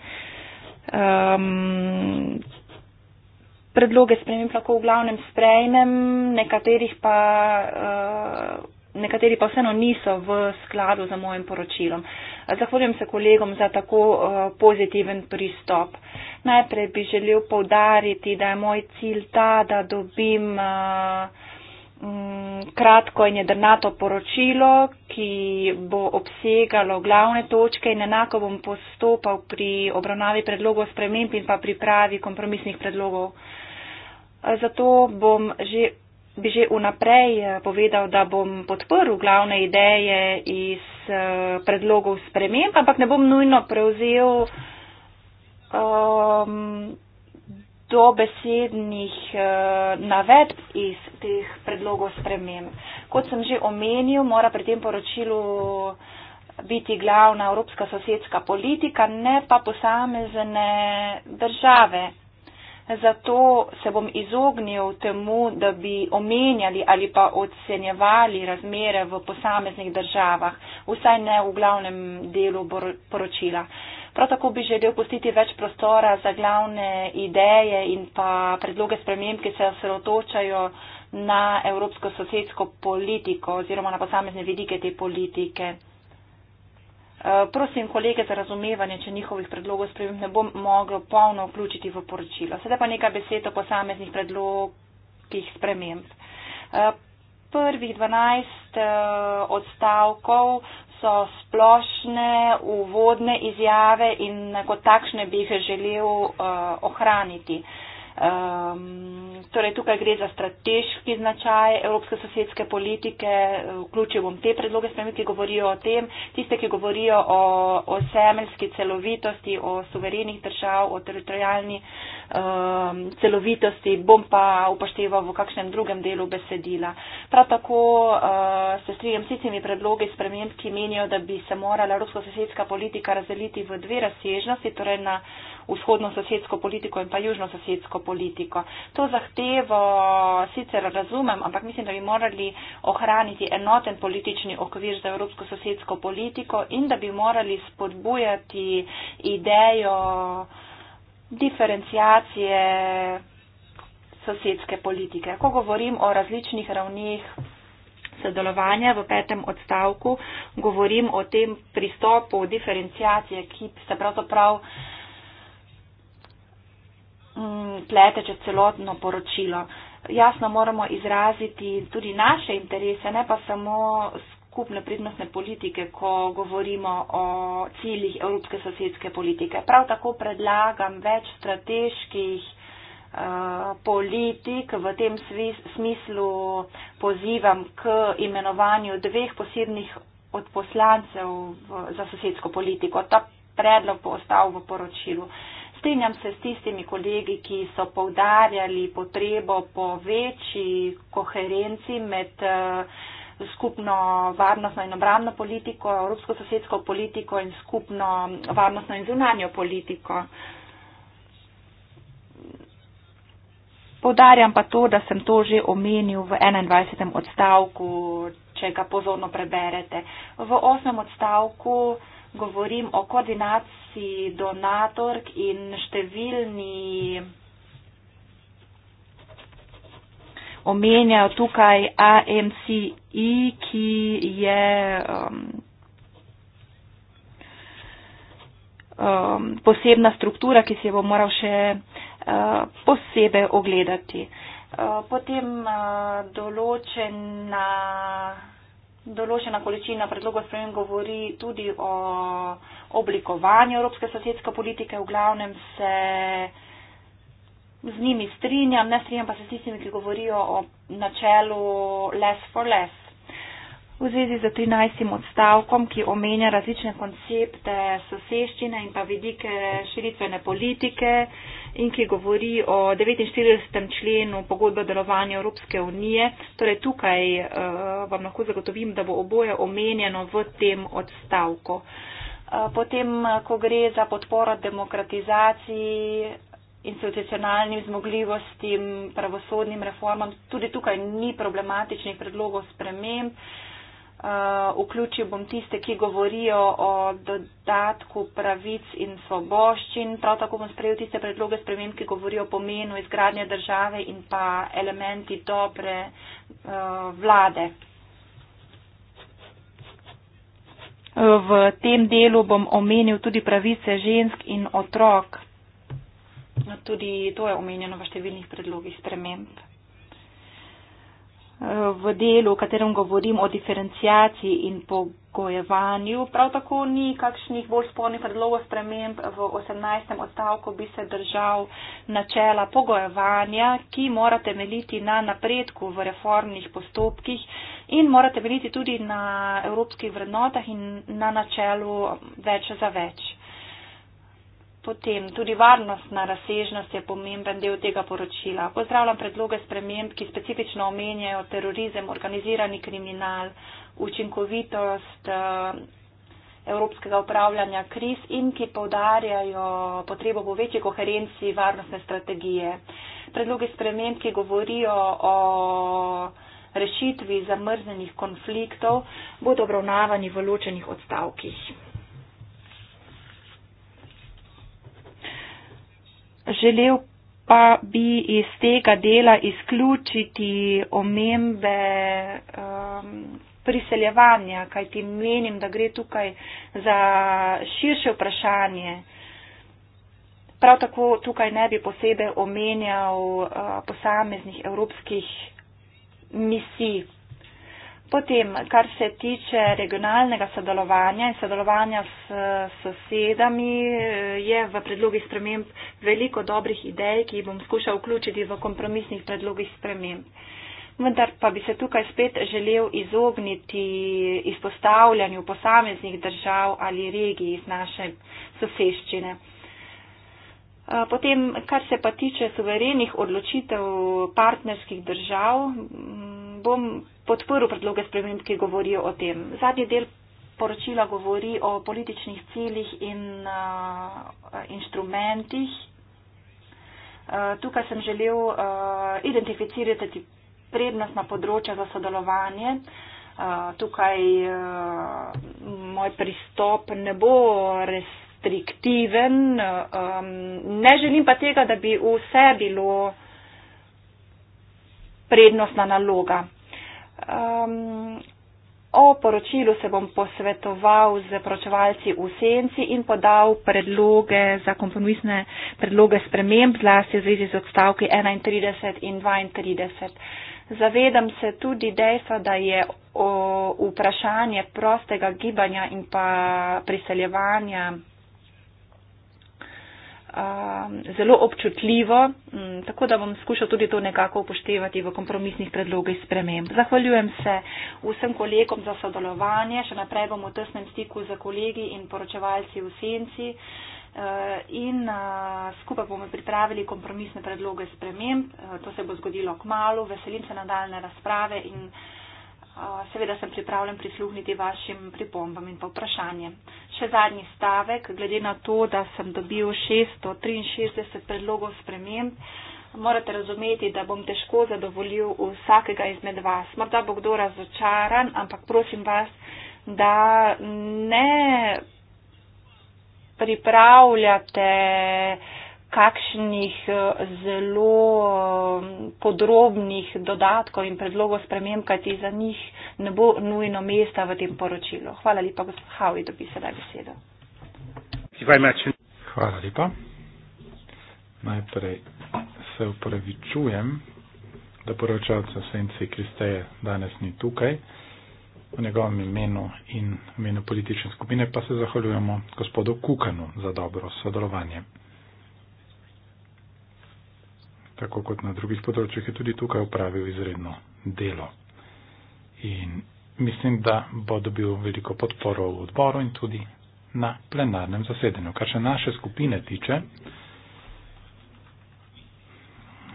um, predloge sprememb lahko v glavnem sprejmem, nekaterih pa. Uh, Nekateri pa vseeno niso v skladu za mojim poročilom. Zahvaljujem se kolegom za tako eh, pozitiven pristop. Najprej bi želel povdariti, da je moj cilj ta, da dobim uh, Mm, kratko in jedrnato poročilo, ki bo obsegalo glavne točke in enako bom postopal pri obravnavi predlogov sprememb in pa pripravi kompromisnih predlogov. Zato bom že, bi že vnaprej eh, povedal, da bom podprl glavne ideje iz eh, predlogov sprememb, ampak ne bom nujno prevzel um, ehm, do besednih uh, eh, navedb iz teh predlogov sprememb. Kot sem že omenil, mora pri tem poročilu biti glavna evropska sosedska politika, ne pa posamezne države. Zato se bom izognil temu, da bi omenjali ali pa ocenjevali razmere v posameznih državah, vsaj ne v glavnem delu poročila. Prav tako bi želel pustiti več prostora za glavne ideje in pa predloge sprememb, ki se osredotočajo na evropsko sosedsko politiko oziroma na posamezne vidike te politike. Eh, prosim kolege za razumevanje, če njihovih predlogov sprejem ne bom mogel polno vključiti v poročilo. Sedaj pa nekaj besed o posameznih predlogih sprememb. Eh, prvih 12 eh, odstavkov so splošne uvodne izjave in kot takšne bi jih želel ohraniti. Um, torej, tukaj gre za strateški značaj evropske sosedske politike, vključil bom te predloge spremljiv, ki govorijo o tem, tiste, ki govorijo o, o semeljski celovitosti, o suverenih držav, o teritorijalni um, celovitosti, bom pa upošteval v kakšnem drugem delu besedila. Prav tako uh, se strinjam s tistimi predlogi spremljiv, ki menijo, da bi se morala evropsko sosedska politika razdeliti v dve razsežnosti, torej na vzhodno sosedsko politiko in pa južno sosedsko politiko. To zahtevo sicer razumem, ampak mislim, da bi morali ohraniti enoten politični okvir za evropsko sosedsko politiko in da bi morali spodbujati idejo diferencijacije sosedske politike. Ko govorim o različnih ravnih sodelovanja v petem odstavku, govorim o tem pristopu diferencijacije, ki se pravzaprav prav Mm, pleteče celotno poročilo. Jasno moramo izraziti tudi naše interese, ne pa samo skupne pridnostne politike, ko govorimo o ciljih evropske sosedske politike. Prav tako predlagam več strateških eh, politik, v tem smislu pozivam k imenovanju dveh posebnih odposlancev za sosedsko politiko. Ta predlog bo ostal v poročilu. Uh, strinjam se s tistimi kolegi, ki so povdarjali potrebo po večji koherenci med eh, skupno varnostno in obramno politiko, evropsko sosedsko politiko in skupno varnostno in zunanjo politiko. Podarjam pa to, da sem to že omenil v 21. odstavku, če ga pozorno preberete. V 8. odstavku govorim o koordinaciji donatork in številni omenjajo tukaj AMCI, e, ki je. Um, um, posebna struktura, ki se bo moral še uh, posebej ogledati. Uh, potem uh, določena Določena količina predlogov sprejem govori tudi o oblikovanju evropske sosedske politike, v glavnem se z njimi strinjam, ne strinjam pa se s tistimi, ki govorijo o načelu less for less v zvezi z 13. odstavkom, ki omenja različne koncepte soseščine in pa vidike širitvene politike in ki govori o 49. členu pogodbe o delovanju Evropske unije. Torej tukaj uh, vam lahko zagotovim, da bo oboje omenjeno v tem odstavku. Eh, potem, ko gre za podporo demokratizaciji, institucionalnim zmogljivostim, pravosodnim reformam, tudi tukaj ni problematičnih predlogov sprememb. Eh, vključil bom tiste, ki govorijo o dodatku pravic in svoboščin, prav tako bom sprejel tiste predloge sprememb, ki govorijo o pomenu izgradnje države in pa elementi dobre uh, vlade. V tem delu bom omenil tudi pravice žensk in otrok. Tudi to je omenjeno v številnih predlogih sprememb v delu, v katerem govorim o diferencijaciji in pogojevanju. Prav tako ni kakšnih bolj spornih predlogov sprememb. V 18. odstavku bi se držal načela pogojevanja, ki mora temeljiti na napredku v reformnih postopkih in mora temeljiti tudi na evropskih vrednotah in na načelu več za več. Potem tudi varnostna razsežnost je pomemben del tega poročila. Pozdravljam predloge sprememb, ki specifično omenjajo terorizem, organizirani kriminal, učinkovitost eh, evropskega upravljanja kriz in ki povdarjajo potrebo po večji koherenci varnostne strategije. Predlogi sprememb, ki govorijo o rešitvi zamrznenih konfliktov, bodo obravnavani v ločenih odstavkih. Želel pa bi iz tega dela izključiti omembe um, priseljevanja, kajti menim, da gre tukaj za širše vprašanje. Prav tako tukaj ne bi posebej omenjal uh, posameznih evropskih misij. Potem, kar se tiče regionalnega sodelovanja in sodelovanja s sosedami, je v predlogih sprememb veliko dobrih idej, ki jih bom skušal vključiti v kompromisnih predlogih sprememb. Vendar pa bi se tukaj spet želel izogniti izpostavljanju posameznih držav ali regij iz naše soseščine. Potem, kar se pa tiče suverenih odločitev partnerskih držav, bom podprl predloge sprememb, ki govorijo o tem. Zadnji del poročila govori o političnih ciljih in uh, inštrumentih. Uh, tukaj sem želel uh, identificirati prednostna področja za sodelovanje. Uh, tukaj uh, moj pristop ne bo restriktiven. Uh, um, ne želim pa tega, da bi vse bilo prednostna naloga. Um, o poročilu se bom posvetoval z pročevalci v senci in podal predloge za kompromisne predloge sprememb, zlasti v zvezi z odstavki 31 in 32. Zavedam se tudi dejstva, da je vprašanje prostega gibanja in pa priseljevanja Um, zelo občutljivo, mm, tako da bom skušal tudi to nekako upoštevati v kompromisnih predlogih sprememb. Zahvaljujem se vsem kolegom za sodelovanje, še naprej bom v tesnem stiku z kolegi in poročevalci v senci eh, in eh, skupaj bomo pripravili kompromisne predloge sprememb. Eh, to se bo zgodilo k malu, veselim se nadaljne razprave in. Seveda sem pripravljen prisluhniti vašim pripombam in pa vprašanjem. Še zadnji stavek, glede na to, da sem dobil 663 predlogov sprememb, morate razumeti, da bom težko zadovoljil vsakega izmed vas. Morda bo kdo razočaran, ampak prosim vas, da ne pripravljate kakšnih eh, zelo eh, podrobnih dodatkov in predlogov sprememb, kajti za njih ne bo nujno mesta v tem poročilu. Hvala lepa, gospod Havi, dobi sedaj besedo. Hvala lepa. Najprej se upravičujem, da poročalca Svenci Kristeje danes ni tukaj. V njegovem imenu in imenu politične skupine pa se zahvaljujemo gospodu Kukanu za dobro sodelovanje tako kot na drugih področjih, je tudi tukaj upravil izredno delo. In mislim, da bo dobil veliko podporo v odboru in tudi na plenarnem zasedanju. Kar še naše skupine tiče,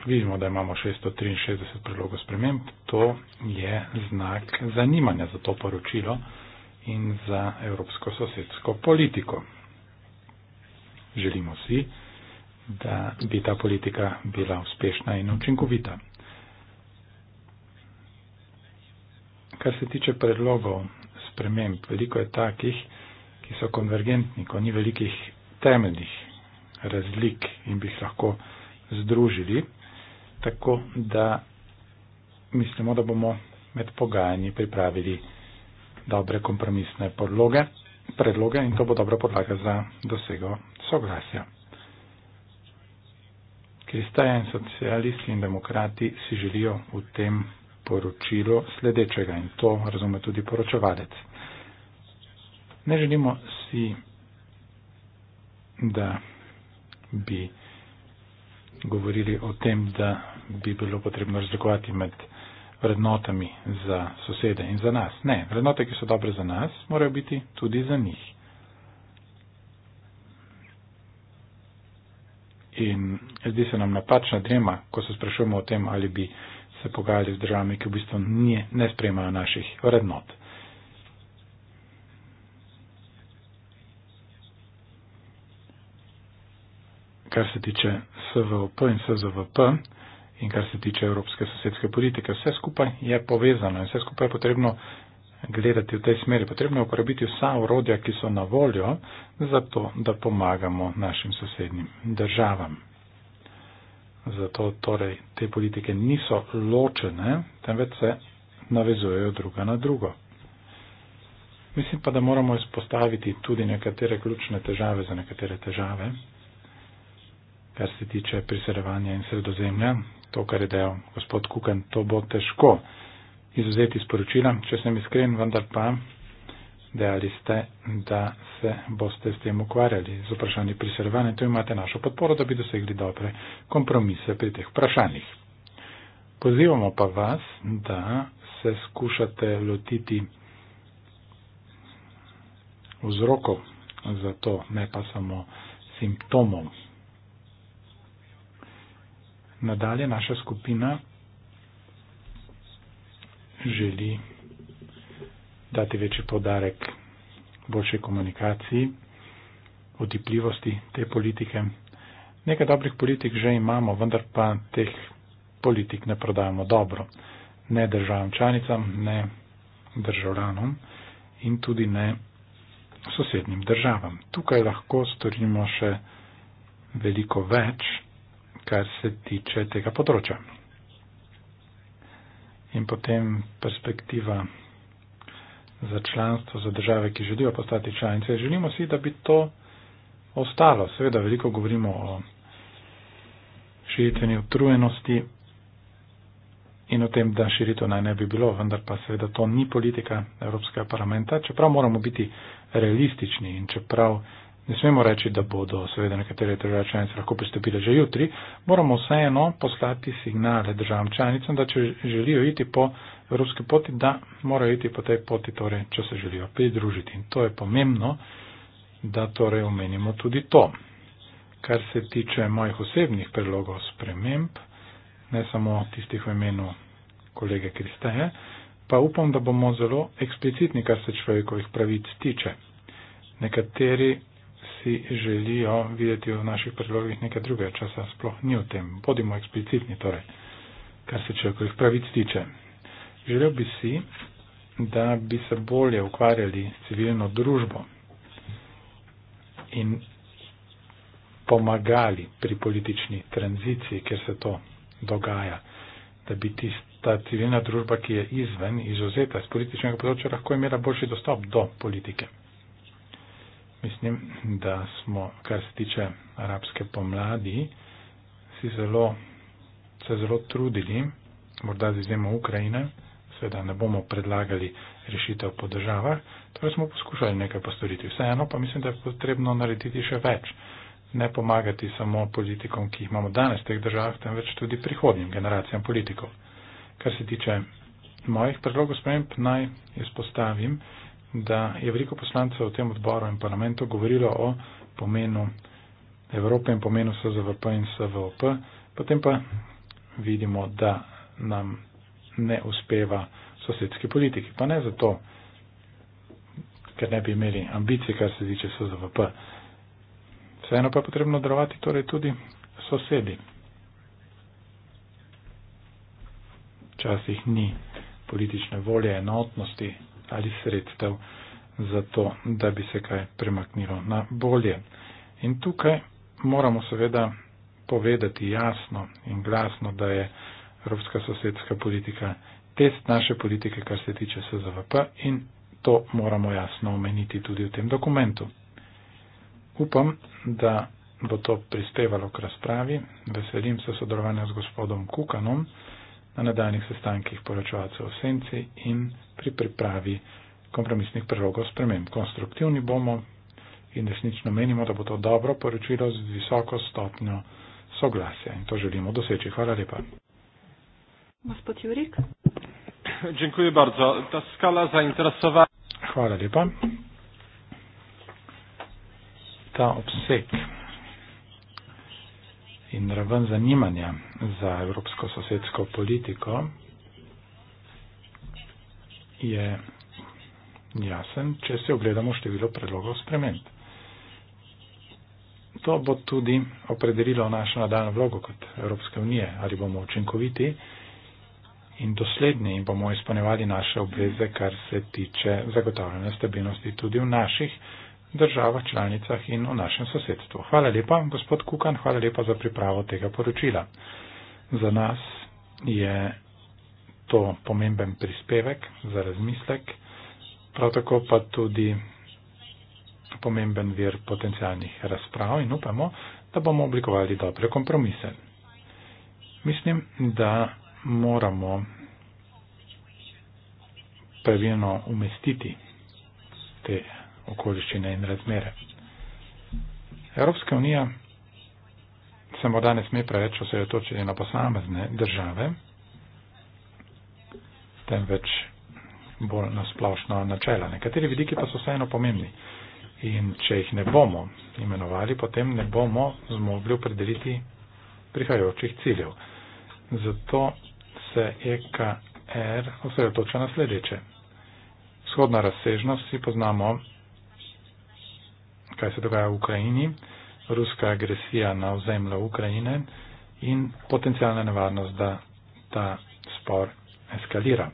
vidimo, da imamo 663 predlogov sprememb, to je znak zanimanja za to poročilo in za evropsko sosedsko politiko. Želimo si, da bi ta politika bila uspešna in učinkovita. Kar se tiče predlogov sprememb, veliko je takih, ki so konvergentni, ko ni velikih temeljnih razlik in bi jih lahko združili, tako da mislimo, da bomo med pogajanji pripravili dobre kompromisne podloge, predloge in to bo dobra podlaga za dosego soglasja. Kristaja in socialisti in demokrati si želijo v tem poročilu sledečega in to razume tudi poročevalec. Ne želimo si, da bi govorili o tem, da bi bilo potrebno razlikovati med vrednotami za sosede in za nas. Ne, vrednote, ki so dobre za nas, morajo biti tudi za njih. In zdi se nam napačna dilema, ko se sprašujemo o tem, ali bi se pogajali z državami, ki v bistvu nje, ne sprejemajo naših vrednot. Kar se tiče SVP in SZVP in kar se tiče evropske sosedske politike, vse skupaj je povezano in vse skupaj je potrebno gledati v tej smeri. Potrebno je uporabiti vsa urodja, ki so na voljo, zato da pomagamo našim sosednjim državam. Zato torej te politike niso ločene, temveč se navezujejo druga na drugo. Mislim pa, da moramo izpostaviti tudi nekatere ključne težave za nekatere težave, kar se tiče priseljevanja in sredozemlja. To, kar je dejal gospod Kukan, to bo težko izuzeti sporočila, če sem iskren, vendar pa dejali ste, da se boste s tem ukvarjali z vprašanji priseljevanja. To imate našo podporo, da bi dosegli dobre kompromise pri teh vprašanjih. Pozivamo pa vas, da se skušate lotiti vzrokov za to, ne pa samo simptomov. Nadalje naša skupina želi dati večji podarek boljše komunikaciji, odipljivosti te politike. Nekaj dobrih politik že imamo, vendar pa teh politik ne prodajamo dobro. Ne državam članicam, ne državljanom in tudi ne sosednjim državam. Tukaj lahko storimo še veliko več, kar se tiče tega področja in potem perspektiva za članstvo, za države, ki želijo postati članice. Želimo si, da bi to ostalo. Seveda veliko govorimo o širitveni utrujenosti in o tem, da širito naj ne bi bilo, vendar pa seveda to ni politika Evropskega parlamenta, čeprav moramo biti realistični in čeprav Ne smemo reči, da bodo seveda nekatere države članice lahko pristopile že jutri, moramo vseeno poslati signale državam članicam, da če želijo iti po evropski poti, da morajo iti po tej poti, torej, če se želijo pridružiti. In to je pomembno, da torej omenimo tudi to. Kar se tiče mojih osebnih predlogov sprememb, ne samo tistih v imenu kolege Kristeje, pa upam, da bomo zelo eksplicitni, kar se človekovih pravic tiče. Nekateri vsi želijo videti v naših predlogih nekaj drugega, časa sploh ni v tem. Bodimo eksplicitni torej, kar se človekovih pravic tiče. Želel bi si, da bi se bolje ukvarjali s civilno družbo in pomagali pri politični tranziciji, kjer se to dogaja, da bi tista civilna družba, ki je izven, izuzeta iz političnega področja, lahko imela boljši dostop do politike mislim, da smo, kar se tiče arabske pomladi, si zelo, se zelo trudili, morda z izjemo Ukrajine, seveda ne bomo predlagali rešitev po državah, torej smo poskušali nekaj postoriti. Vseeno pa mislim, da je potrebno narediti še več. Ne pomagati samo politikom, ki jih imamo danes v teh državah, temveč tudi prihodnjim generacijam politikov. Kar se tiče mojih predlogov sprememb, naj izpostavim, da je veliko poslancev v tem odboru in parlamentu govorilo o pomenu Evrope in pomenu SZVP in SVP, potem pa vidimo, da nam ne uspeva sosedski politiki. Pa ne zato, ker ne bi imeli ambicije, kar se tiče SZVP. Vseeno pa je potrebno darovati torej tudi sosedi. Včasih ni politične volje, enotnosti, ali sredstev za to, da bi se kaj premaknilo na bolje. In tukaj moramo seveda povedati jasno in glasno, da je evropska sosedska politika test naše politike, kar se tiče SZVP in to moramo jasno omeniti tudi v tem dokumentu. Upam, da bo to prispevalo k razpravi. Veselim se sodelovanja z gospodom Kukanom na nadaljnih sestankih poročevalcev v senci in pri pripravi kompromisnih prilogov sprememb. Konstruktivni bomo in resnično menimo, da bo to dobro poročilo z visoko stopnjo soglasja in to želimo doseči. Hvala lepa. Gospod Jurik. Dziękuję bardzo. Ta skala zainteresowania. Hvala lepa. Ta obseg in raven zanimanja za evropsko sosedsko politiko je jasen, če se ogledamo število predlogov sprememb. To bo tudi opredelilo našo nadaljno vlogo kot Evropske unije, ali bomo učinkoviti in dosledni in bomo izpolnevali naše obveze, kar se tiče zagotavljanja stabilnosti tudi v naših državah članicah in v našem sosedstvu. Hvala lepa, gospod Kukan, hvala lepa za pripravo tega poročila. Za nas je to pomemben prispevek za razmislek, prav tako pa tudi pomemben vir potencijalnih razprav in upamo, da bomo oblikovali dobre kompromise. Mislim, da moramo pravilno umestiti te okoliščine in razmere. Evropska unija se morda ne sme preveč osredotočiti na posamezne države, temveč bolj nasplošno načela. Nekateri vidiki pa so vseeno pomembni. In če jih ne bomo imenovali, potem ne bomo zmogli opredeliti prihajajočih ciljev. Zato se EKR osredotoča na sledeče. Vzhodna razsežnost si poznamo kaj se dogaja v Ukrajini, ruska agresija na ozemlju Ukrajine in potencijalna nevarnost, da ta spor eskalira.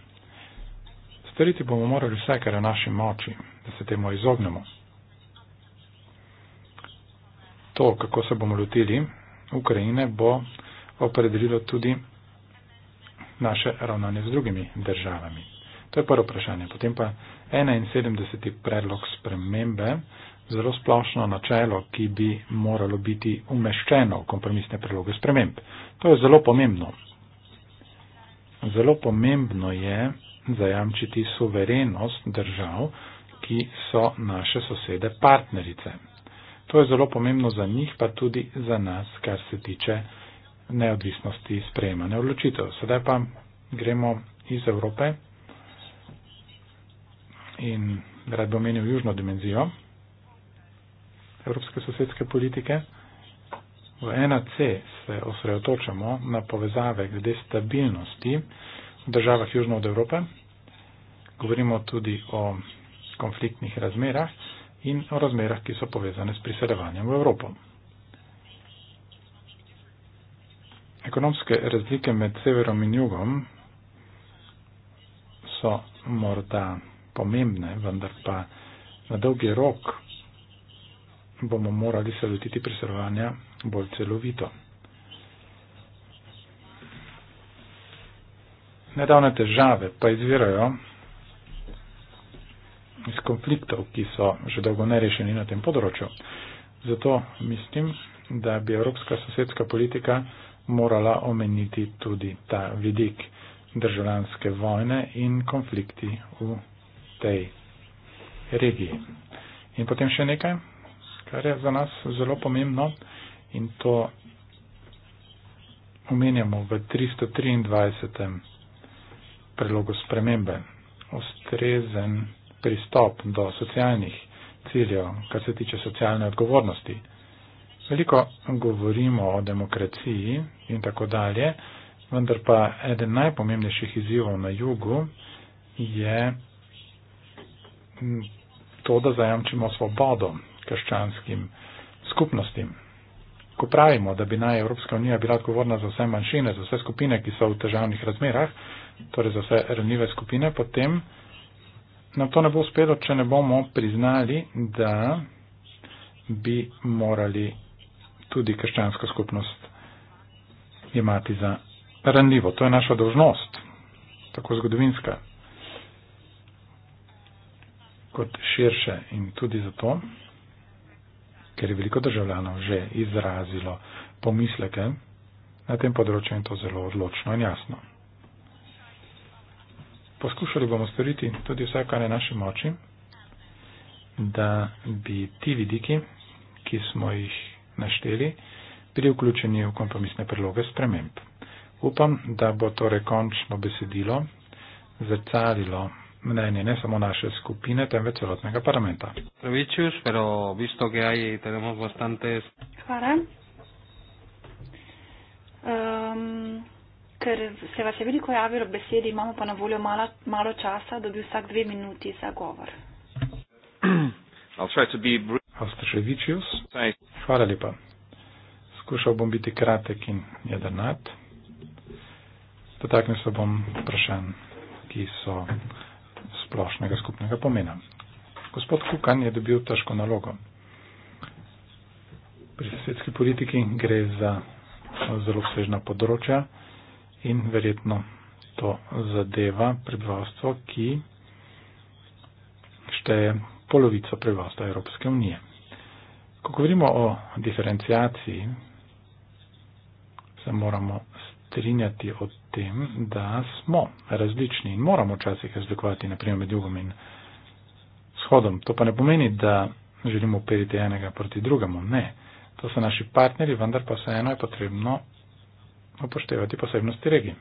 Storiti bomo morali vse, kar je v naši moči, da se temu izognemo. To, kako se bomo lotili Ukrajine, bo opredelilo tudi naše ravnanje z drugimi državami. To je prvo vprašanje. Potem pa 71. predlog spremembe zelo splošno načelo, ki bi moralo biti umeščeno v kompromisne preloge sprememb. To je zelo pomembno. Zelo pomembno je zajamčiti suverenost držav, ki so naše sosede partnerice. To je zelo pomembno za njih, pa tudi za nas, kar se tiče neodvisnosti sprejemanja odločitev. Sedaj pa gremo iz Evrope in rad bi omenil južno dimenzijo evropske sosedske politike. V 1C se osredotočamo na povezave glede stabilnosti v državah južno od Evrope. Govorimo tudi o konfliktnih razmerah in o razmerah, ki so povezane s priseljevanjem v Evropo. Ekonomske razlike med severom in jugom so morda pomembne, vendar pa na dolgi rok bomo morali se lotiti preserovanja bolj celovito. Nedavne težave pa izvirajo iz konfliktov, ki so že dolgo nerešeni na tem področju. Zato mislim, da bi evropska sosedska politika morala omeniti tudi ta vidik državljanske vojne in konflikti v tej regiji. In potem še nekaj kar je za nas zelo pomembno in to omenjamo v 323. predlogu spremembe. Ustrezen pristop do socialnih ciljev, kar se tiče socialne odgovornosti. Veliko govorimo o demokraciji in tako dalje, vendar pa eden najpomembnejših izzivov na jugu je to, da zajamčimo svobodo krščanskim skupnostim. Ko pravimo, da bi naj Evropska unija bila odgovorna za vse manjšine, za vse skupine, ki so v težavnih razmerah, torej za vse ranljive skupine, potem nam to ne bo uspelo, če ne bomo priznali, da bi morali tudi krščanska skupnost imati za ranljivo. To je naša dožnost, tako zgodovinska kot širše in tudi zato kjer je veliko državljanov že izrazilo pomisleke na tem področju in to zelo odločno in jasno. Poskušali bomo storiti tudi vse, kar je naše moči, da bi ti vidiki, ki smo jih našteli, bili vključeni v kompromisne predloge sprememb. Upam, da bo torej končno besedilo zrcalilo mnenje ne samo naše skupine, temveč celotnega parlamenta. Hvala. Um, ker se vas je veliko javilo besedi, imamo pa na voljo malo, malo časa, da bi vsak dve minuti za govor. Hvala lepa. Skušal bom biti kratek in jedrnat. Dotaknil se bom vprašanj, ki so splošnega skupnega pomena. Gospod Kukan je dobil težko nalogo. Pri svetski politiki gre za zelo vsežna področja in verjetno to zadeva prebivalstvo, ki šteje polovico prebivalstva Evropske unije. Ko govorimo o diferencijaciji, se moramo strinjati o tem, da smo različni in moramo včasih razlikovati naprimer med jugom in shodom. To pa ne pomeni, da želimo periti enega proti drugemu. Ne, to so naši partnerji, vendar pa vseeno je potrebno upoštevati posebnosti regij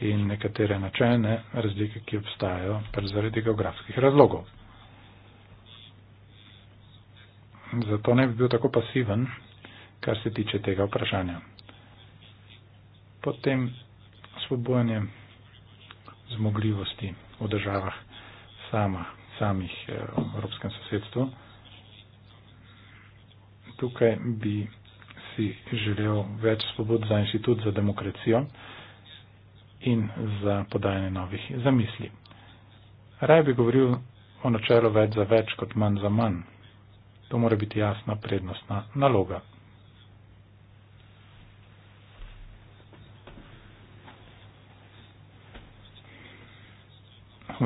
in nekatere načelne razlike, ki obstajajo pred pač zaradi geografskih razlogov. Zato ne bi bil tako pasiven, kar se tiče tega vprašanja. Potem spodbujanje zmogljivosti v državah sama, samih eh, v evropskem sosedstvu. Tukaj bi si želel več spobod za inštitut za demokracijo in za podajanje novih zamisli. Raj bi govoril o načelu več za več kot manj za manj. To mora biti jasna prednostna naloga.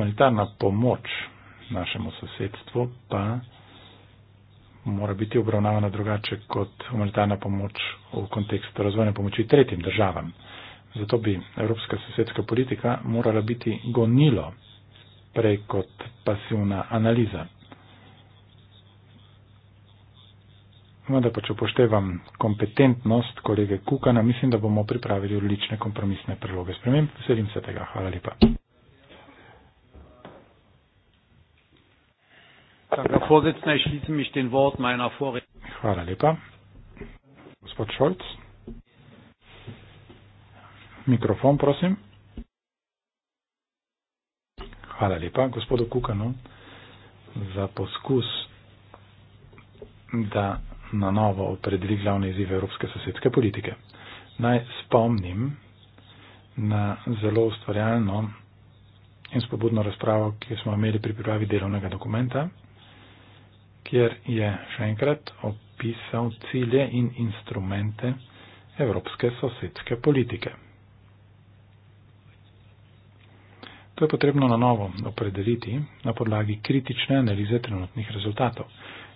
humanitarna pomoč našemu sosedstvu pa mora biti obravnavana drugače kot humanitarna pomoč v kontekstu razvojne pomoči tretjim državam. Zato bi evropska sosedska politika morala biti gonilo prej kot pasivna analiza. Vendar pa če upoštevam kompetentnost kolege Kukana, mislim, da bomo pripravili odlične kompromisne predloge. Spremem, veselim se tega. Hvala lepa. Hvala lepa. Gospod Šolc. Mikrofon, prosim. Hvala lepa, gospodu Kukanu, za poskus, da na novo opredeli glavne izzive evropske sosedske politike. Naj spomnim na zelo ustvarjalno in spobudno razpravo, ki smo imeli pri pripravi delovnega dokumenta kjer je še enkrat opisal cilje in instrumente evropske sosedske politike. To je potrebno na novo opredeliti na podlagi kritične analize trenutnih rezultatov.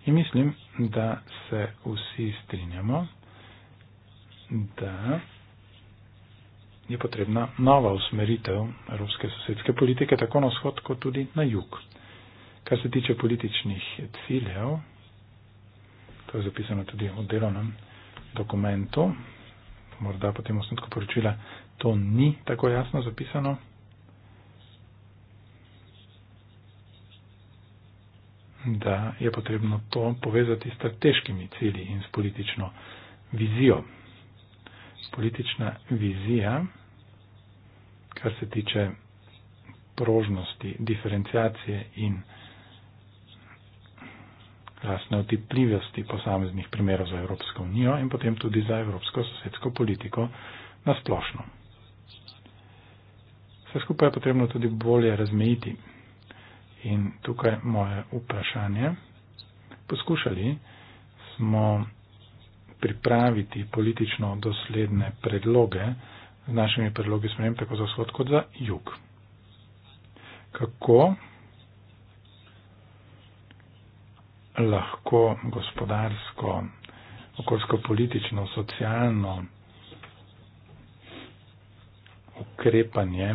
In mislim, da se vsi strinjamo, da je potrebna nova usmeritev evropske sosedske politike tako na vzhod, kot tudi na jug. Kar se tiče političnih ciljev, to je zapisano tudi v delovnem dokumentu, morda potem osnutko poročila, to ni tako jasno zapisano. da je potrebno to povezati s strateškimi cilji in s politično vizijo. Politična vizija, kar se tiče prožnosti, diferencijacije in lastne otipljivosti posameznih primerov za Evropsko unijo in potem tudi za evropsko sosedsko politiko na splošno. Vse skupaj je potrebno tudi bolje razmejiti. In tukaj moje vprašanje. Poskušali smo pripraviti politično dosledne predloge z našimi predlogi sprem tako za vzhod kot za jug. Kako lahko gospodarsko, okoljsko, politično, socialno ukrepanje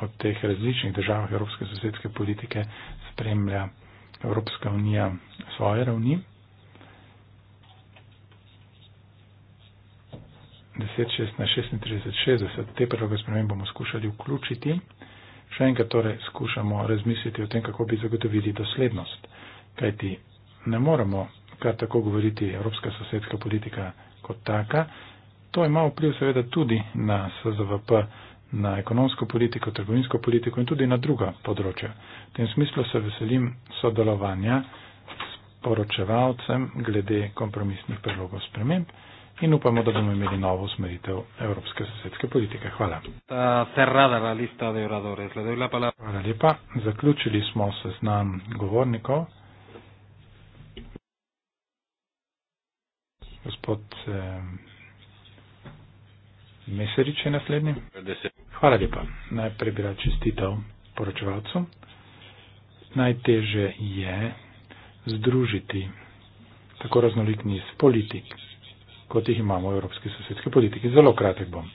v teh različnih državah evropske sosedske politike spremlja Evropska unija svoje ravni. 10, 16, 36, 60, te predloge sprememb bomo skušali vključiti. Še enkrat torej skušamo razmisliti o tem, kako bi zagotovili doslednost. Kajti ne moremo kar tako govoriti evropska sosedska politika kot taka. To ima vpliv seveda tudi na SZVP, na ekonomsko politiko, trgovinsko politiko in tudi na druga področja. V tem smislu se veselim sodelovanja s poročevalcem glede kompromisnih predlogov sprememb in upamo, da bomo imeli novo usmeritev evropske sosedske politike. Hvala. Hvala lepa. Zaključili smo seznam govornikov. Gospod eh, Meserič je naslednji. Hvala lepa. Najprej bi rad čestital poročevalcu. Najteže je združiti tako raznolik niz politik, kot jih imamo v evropski sosedski politiki. Zelo kratek bom.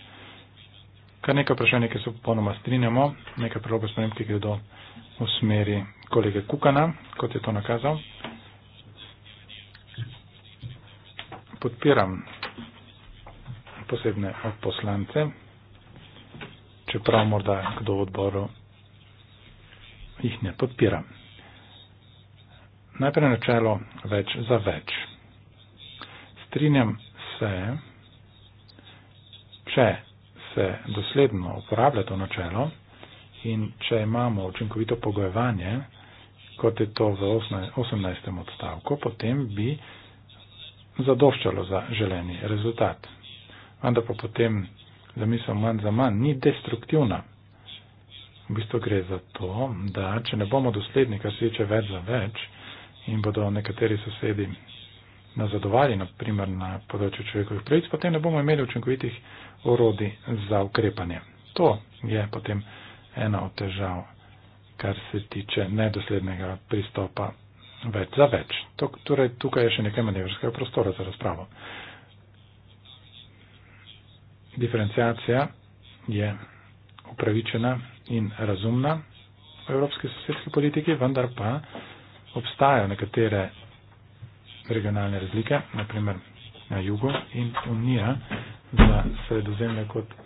Kar nekaj vprašanje, ki se popolnoma strinjamo, nekaj prilogo spremljam, ki gredo v smeri kolege Kukana, kot je to nakazal. podpiram posebne poslance, čeprav morda kdo v odboru jih ne podpira. Najprej načelo več za več. Strinjam se, če se dosledno uporablja to načelo in če imamo učinkovito pogojevanje, kot je to v 18. odstavku, potem bi zadoščalo za želeni rezultat. Vendar pa potem zamisel manj za manj ni destruktivna. V bistvu gre za to, da če ne bomo dosledni, kar se tiče več za več, in bodo nekateri sosedi nazadovali, naprimer na področju človekovih pravic, potem ne bomo imeli učinkovitih orodi za ukrepanje. To je potem ena od težav, kar se tiče nedoslednega pristopa več za več. Tok, torej, tukaj je še nekaj manevrskega prostora za razpravo. Diferencijacija je upravičena in razumna v evropski sosedski politiki, vendar pa obstajajo nekatere regionalne razlike, naprimer na jugu in Unija za sredozemlje kot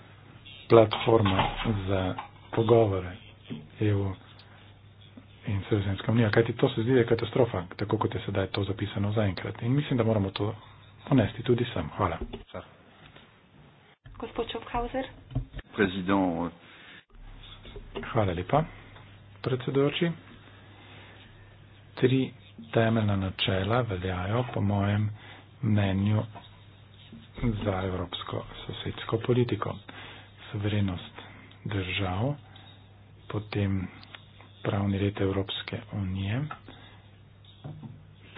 platforma za pogovore EU in sredozemska unija. Kajti to se zdi, da je katastrofa, tako kot je sedaj to zapisano zaenkrat. In mislim, da moramo to ponesti tudi sem. Hvala. Gospod Čopkauzer. Prezident. Hvala lepa, predsedujoči. Tri temeljna načela veljajo, po mojem mnenju, za evropsko sosedsko politiko. Soverenost držav, potem pravni red Evropske unije.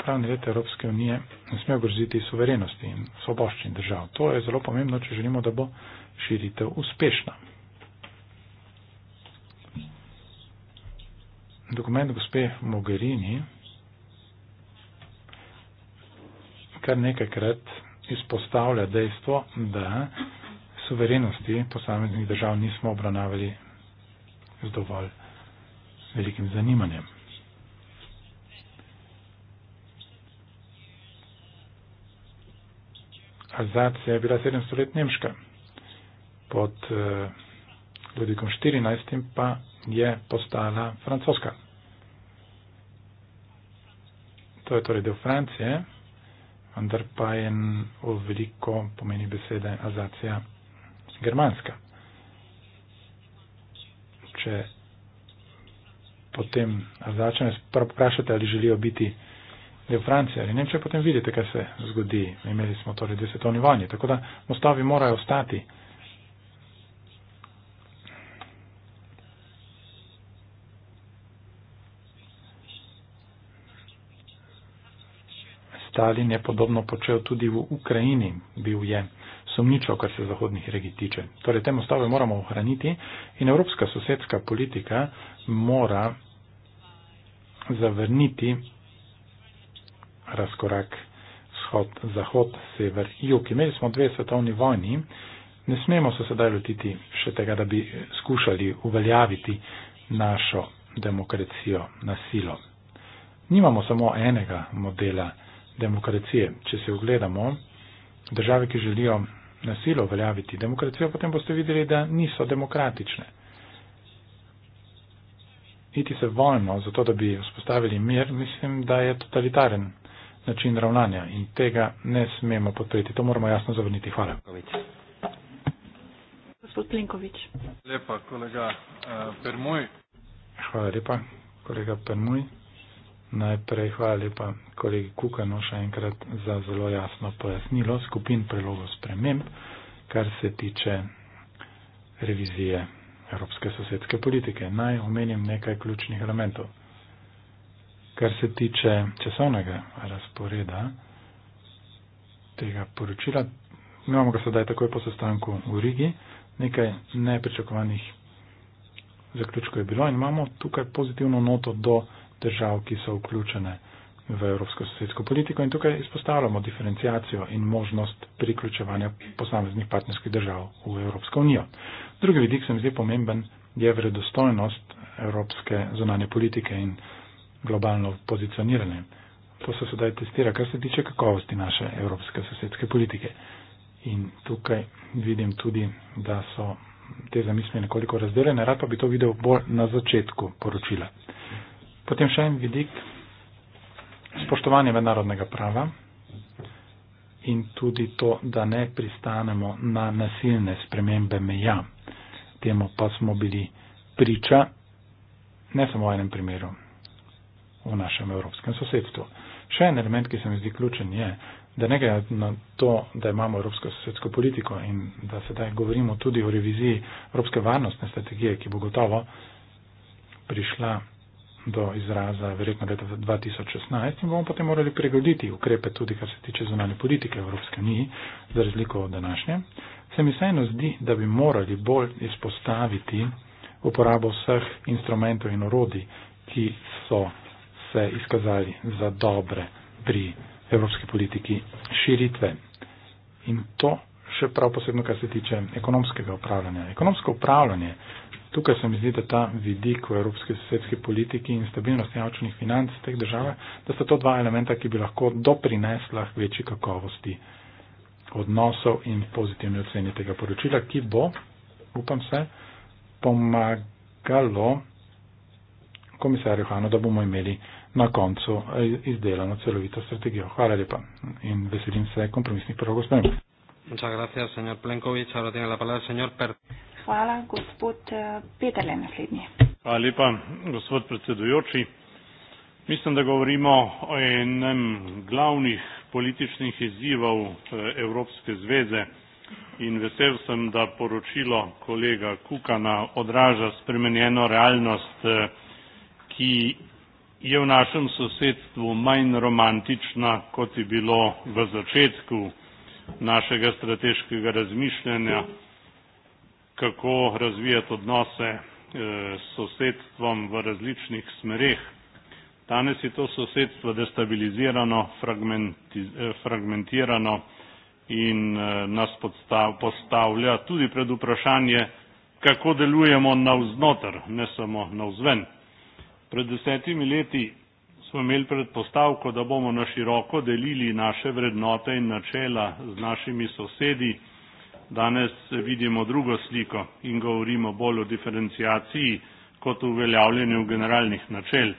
Pravni red Evropske unije ne sme ogroziti suverenosti in svoboščin držav. To je zelo pomembno, če želimo, da bo širitev uspešna. Dokument gospe Mogherini kar nekajkrat izpostavlja dejstvo, da suverenosti posameznih držav nismo obravnavali z dovolj velikim zanimanjem. Alzacija je bila 700 let Nemška. Pod uh, Ludvikom 14. pa je postala francoska. To je torej del Francije, vendar pa je v veliko pomeni besede Alzacija germanska. Če potem razdačene vprašate, ali želijo biti del Francije ali Nemčije, potem vidite, kaj se zgodi. Imeli smo torej desetovni vojni, tako da mostovi morajo ostati. Stalin je podobno počel tudi v Ukrajini, bil je sumničo, kar se zahodnih regij tiče. Torej, te mostove moramo ohraniti in evropska sosedska politika mora zavrniti razkorak vzhod-zahod-sever-jug. Imeli smo dve svetovni vojni, ne smemo se sedaj lotiti še tega, da bi skušali uveljaviti našo demokracijo na silo. Nimamo samo enega modela demokracije. Če se ogledamo, države, ki želijo na silo uveljaviti demokracijo, potem boste videli, da niso demokratične. Iti se vojno, zato da bi vzpostavili mir, mislim, da je totalitaren način ravnanja in tega ne smemo podpreti. To moramo jasno zavrniti. Hvala. Lepa, kolega, uh, Hvala lepa, kolega Permuj. Najprej hvala lepa kolegi Kukano še enkrat za zelo jasno pojasnilo skupin prelogov sprememb, kar se tiče revizije Evropske sosedske politike. Naj omenim nekaj ključnih elementov. Kar se tiče časovnega razporeda tega poročila, imamo ga sedaj takoj po sestanku v Rigi, nekaj nepričakovanih zaključkov je bilo in imamo tukaj pozitivno noto do držav, ki so vključene v evropsko sosedsko politiko in tukaj izpostavljamo diferencijacijo in možnost priključevanja posameznih partnerskih držav v Evropsko unijo. Drugi vidik se mi zdi pomemben je vredostojnost evropske zunanje politike in globalno pozicioniranje. To se sedaj testira, kar se tiče kakovosti naše evropske sosedske politike. In tukaj vidim tudi, da so te zamisli nekoliko razdeljene, rad pa bi to videl bolj na začetku poročila. Potem še en vidik spoštovanja mednarodnega prava in tudi to, da ne pristanemo na nasilne spremembe meja. Temu pa smo bili priča ne samo v enem primeru v našem evropskem sosedstvu. Še en element, ki se mi zdi ključen, je, da ne gre na to, da imamo evropsko sosedsko politiko in da sedaj govorimo tudi o reviziji evropske varnostne strategije, ki bo gotovo prišla do izraza, verjetno leta 2016 in bomo potem morali pregoditi ukrepe tudi, kar se tiče zunanje politike Evropske unije, za razliko od današnje, se mi vseeno zdi, da bi morali bolj izpostaviti uporabo vseh instrumentov in orodij, ki so se izkazali za dobre pri evropski politiki širitve. In to še prav posebno, kar se tiče ekonomskega upravljanja. Ekonomsko upravljanje tukaj se mi zdi, da ta vidik v evropske sosedske politiki in stabilnost javčnih financ teh države, da sta to dva elementa, ki bi lahko doprinesla večji kakovosti odnosov in pozitivne ocene tega poročila, ki bo, upam se, pomagalo komisarju Hanu, da bomo imeli na koncu eh, izdelano celovito strategijo. Hvala lepa in veselim se kompromisnih prvogospremov. Muchas gracias, señor Plenković. Ahora tiene la palabra el señor Pert. Hvala. Gospod eh, Peter je naslednji. Hvala lepa, gospod predsedujoči. Mislim, da govorimo o enem glavnih političnih izzivov eh, Evropske zveze in vesel sem, da poročilo kolega Kukana odraža spremenjeno realnost, eh, ki je v našem sosedstvu manj romantična, kot je bilo v začetku našega strateškega razmišljanja. Mm kako razvijati odnose eh, s sosedstvom v različnih smereh. Danes je to sosedstvo destabilizirano, eh, fragmentirano in eh, nas postavlja tudi pred vprašanje, kako delujemo navznoter, ne samo navzven. Pred desetimi leti smo imeli predpostavko, da bomo na široko delili naše vrednote in načela z našimi sosedi, danes vidimo drugo sliko in govorimo bolj o diferencijaciji kot o uveljavljanju generalnih načel.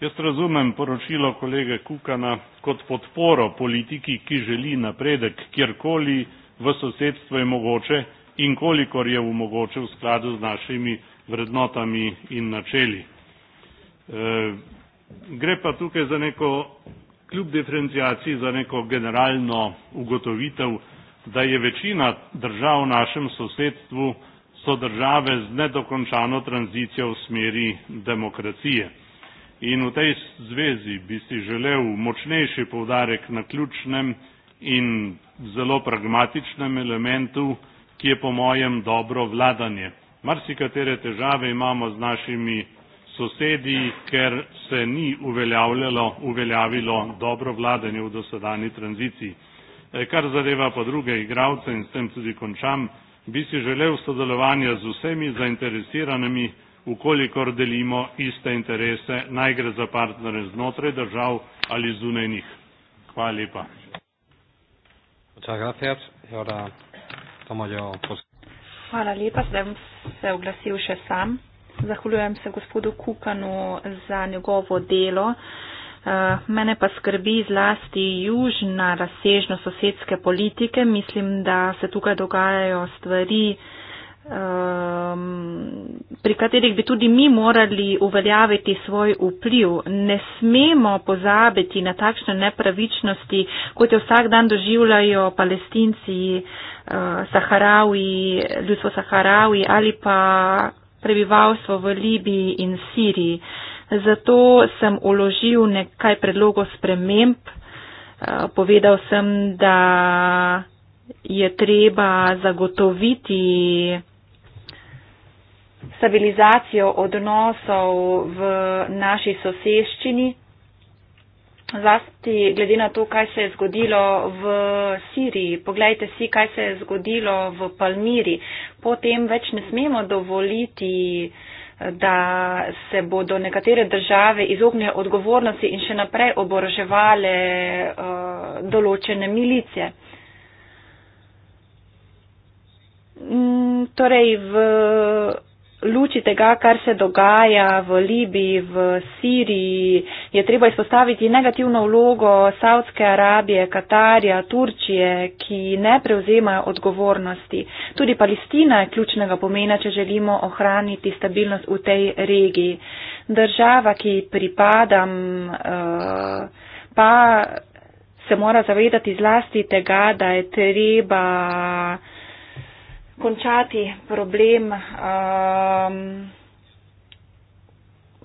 Jaz razumem poročilo kolege Kukana kot podporo politiki, ki želi napredek kjerkoli v sosedstvo je mogoče in kolikor je v mogoče v skladu z našimi vrednotami in načeli. E, gre pa tukaj za neko, kljub diferencijaciji, za neko generalno ugotovitev, da je večina držav v našem sosedstvu so države z nedokončano tranzicijo v smeri demokracije. In v tej zvezi bi si želel močnejši povdarek na ključnem in zelo pragmatičnem elementu, ki je po mojem dobro vladanje. Marsikatere težave imamo z našimi sosedi, ker se ni uveljavilo dobro vladanje v dosedani tranziciji. Eh, kar zadeva pa druge igralce in s tem tudi končam, bi si želel sodelovanja z vsemi zainteresiranimi, ukolikor delimo iste interese, naj gre za partnere znotraj držav ali zunaj njih. Hvala lepa. Hvala lepa, zdaj bom se oglasil še sam. Zahvaljujem se gospodu Kukanu za njegovo delo. Eh, mene pa skrbi zlasti južna razsežno sosedske politike. Mislim, da se tukaj dogajajo stvari, ehm, pri katerih bi tudi mi morali uveljaviti svoj vpliv. Ne smemo pozabiti na takšne nepravičnosti, kot jo vsak dan doživljajo palestinci, eh, saharavi, ljudstvo saharavi ali pa prebivalstvo v Libiji in Siriji. Zato sem uložil nekaj predlogov sprememb. Eh, povedal sem, da je treba zagotoviti stabilizacijo odnosov v naši soseščini, zlasti glede na to, kaj se je zgodilo v Siriji. Poglejte si, kaj se je zgodilo v Palmiri. Potem več ne smemo dovoliti uh, da se bodo nekatere države izognile odgovornosti in še naprej oboroževale uh, določene milicije. Mm, torej, v luči tega, kar se dogaja v Libiji, v Siriji, je treba izpostaviti negativno vlogo Saudske Arabije, Katarja, Turčije, ki ne prevzemajo odgovornosti. Tudi Palestina je ključnega pomena, če želimo ohraniti stabilnost v tej regiji. Država, ki pripadam, eh, pa se mora zavedati zlasti tega, da je treba končati problem um,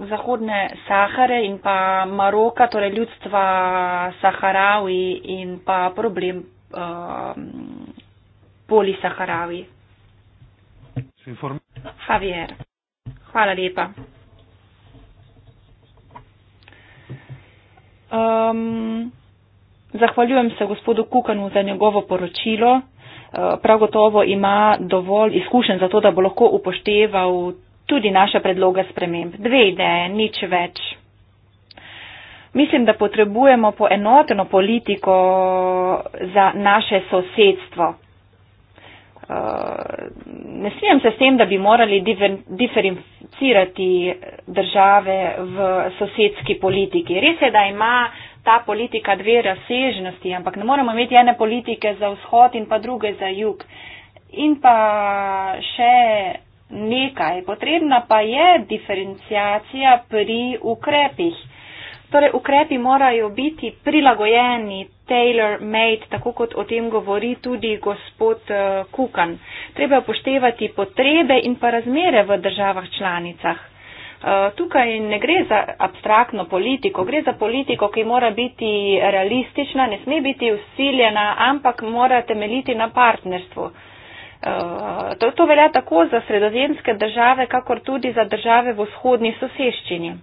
Zahodne Sahare in pa Maroka, torej ljudstva Saharavi in pa problem um, polisaharavi. Javier, hvala lepa. Um, zahvaljujem se gospodu Kukanu za njegovo poročilo. Eh, prav gotovo ima dovolj izkušenj za to, da bo lahko upošteval tudi naše predloge sprememb. Dve ideje, nič več. Mislim, da potrebujemo poenoteno politiko za naše sosedstvo. Eh, ne smijem se s tem, da bi morali diferencirati države v sosedski politiki. Res je, da ima ta politika dve razsežnosti, ampak ne moremo imeti ene politike za vzhod in pa druge za jug. In pa še nekaj, potrebna pa je diferencijacija pri ukrepih. Torej, ukrepi morajo biti prilagojeni, tailor-made, tako kot o tem govori tudi gospod eh, Kukan. Treba upoštevati potrebe in pa razmere v državah članicah. Eh, tukaj ne gre za abstraktno politiko, gre za politiko, ki mora biti realistična, ne sme biti usiljena, ampak mora temeljiti na partnerstvu. Eh, to, to velja tako za sredozemske države, kakor tudi za države v vzhodni soseščini.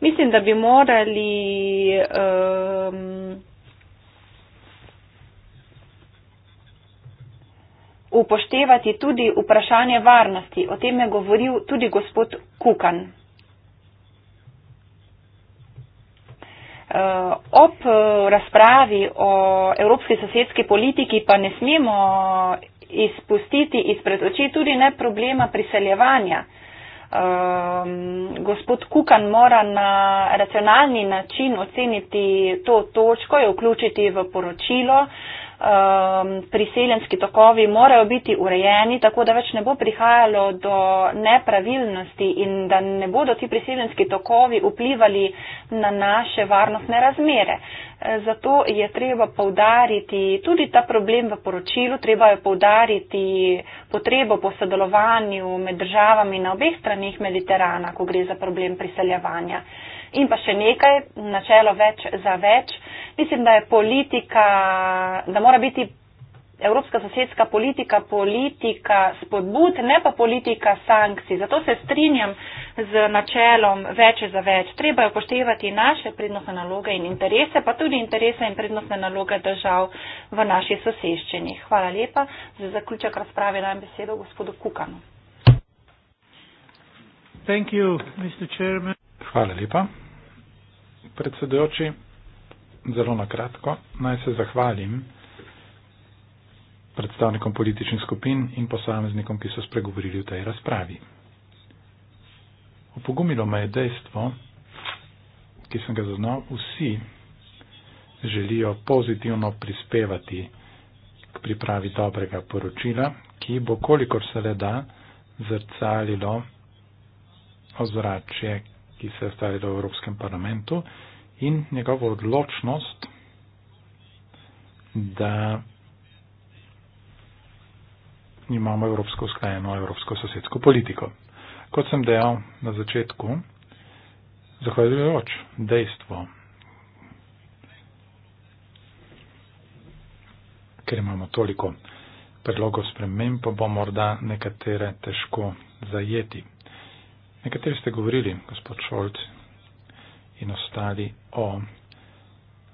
Mislim, da bi morali. Um, upoštevati tudi vprašanje varnosti. O tem je govoril tudi gospod Kukan. Eh, ob eh, razpravi o evropski sosedski politiki pa ne smemo izpustiti izpred oči tudi ne problema priseljevanja. Um, gospod Kukan mora na racionalni način oceniti to točko, jo vključiti v poročilo uh, um, priseljenski tokovi morajo biti urejeni, tako da več ne bo prihajalo do nepravilnosti in da ne bodo ti priseljenski tokovi vplivali na naše varnostne razmere. E, zato je treba povdariti tudi ta problem v poročilu, treba je povdariti potrebo po sodelovanju med državami na obeh stranih Mediterana, ko gre za problem priseljevanja. Uh, In pa še nekaj, načelo več za več. Mislim, da je politika, da mora biti evropska sosedska politika politika spodbud, ne pa politika sankcij. Zato se strinjam z načelom več za več. Treba je upoštevati naše prednostne naloge in interese, pa tudi interese in prednostne naloge držav v naši soseščini. Hvala lepa. Za zaključek razprave dajem besedo gospodu Kukanu. Thank you, Mr. Chairman. Hvala lepa. Predsedujoči, zelo na kratko, naj se zahvalim predstavnikom političnih skupin in posameznikom, ki so spregovorili v tej razpravi. Opogumilo me je dejstvo, ki sem ga zaznal, vsi želijo pozitivno prispevati k pripravi dobrega poročila, ki bo kolikor se le da zrcalilo ozračje, ki se je stavil v Evropskem parlamentu in njegovo odločnost, da imamo evropsko usklajeno evropsko sosedsko politiko. Kot sem dejal na začetku, zahvaljujoč dejstvo, ker imamo toliko predlogov sprememb, pa bo morda nekatere težko zajeti. Nekateri ste govorili, gospod Šolc in ostali, o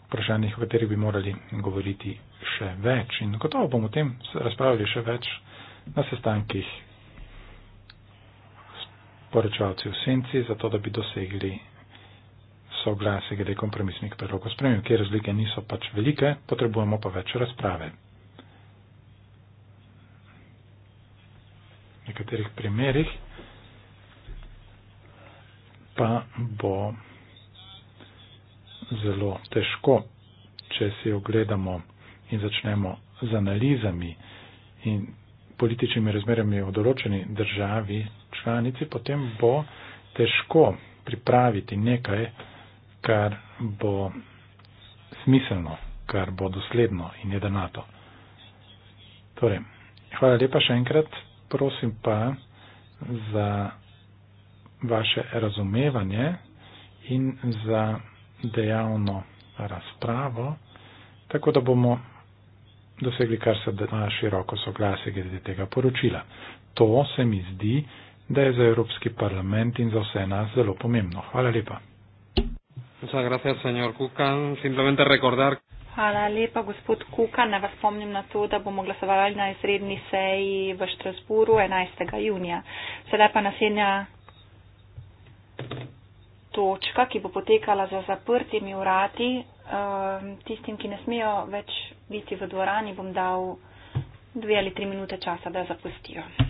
vprašanjih, o katerih bi morali govoriti še več. In gotovo bomo o tem razpravljali še več na sestankih s poročevalci v senci, zato da bi dosegli soglasje glede kompromisnih predlogov sprememb, kjer razlike niso pač velike, potrebujemo pa več razprave. V nekaterih primerih pa bo zelo težko, če si jo gledamo in začnemo z analizami in političnimi razmerami v določeni državi članici, potem bo težko pripraviti nekaj, kar bo smiselno, kar bo dosledno in jedenato. Torej, hvala lepa še enkrat, prosim pa za vaše razumevanje in za dejavno razpravo, tako da bomo dosegli kar se da široko soglasje glede tega poročila. To se mi zdi, da je za Evropski parlament in za vse nas zelo pomembno. Hvala lepa. Hvala lepa, gospod Kukan. Naj vas spomnim na to, da bomo glasovali na izredni seji v Štrasburu 11. junija. Sedaj pa naslednja točka, ki bo potekala za zaprtimi urati, ehm, tistim, ki ne smejo več biti v dvorani, bom dal dve ali tri minute časa, da zapustijo.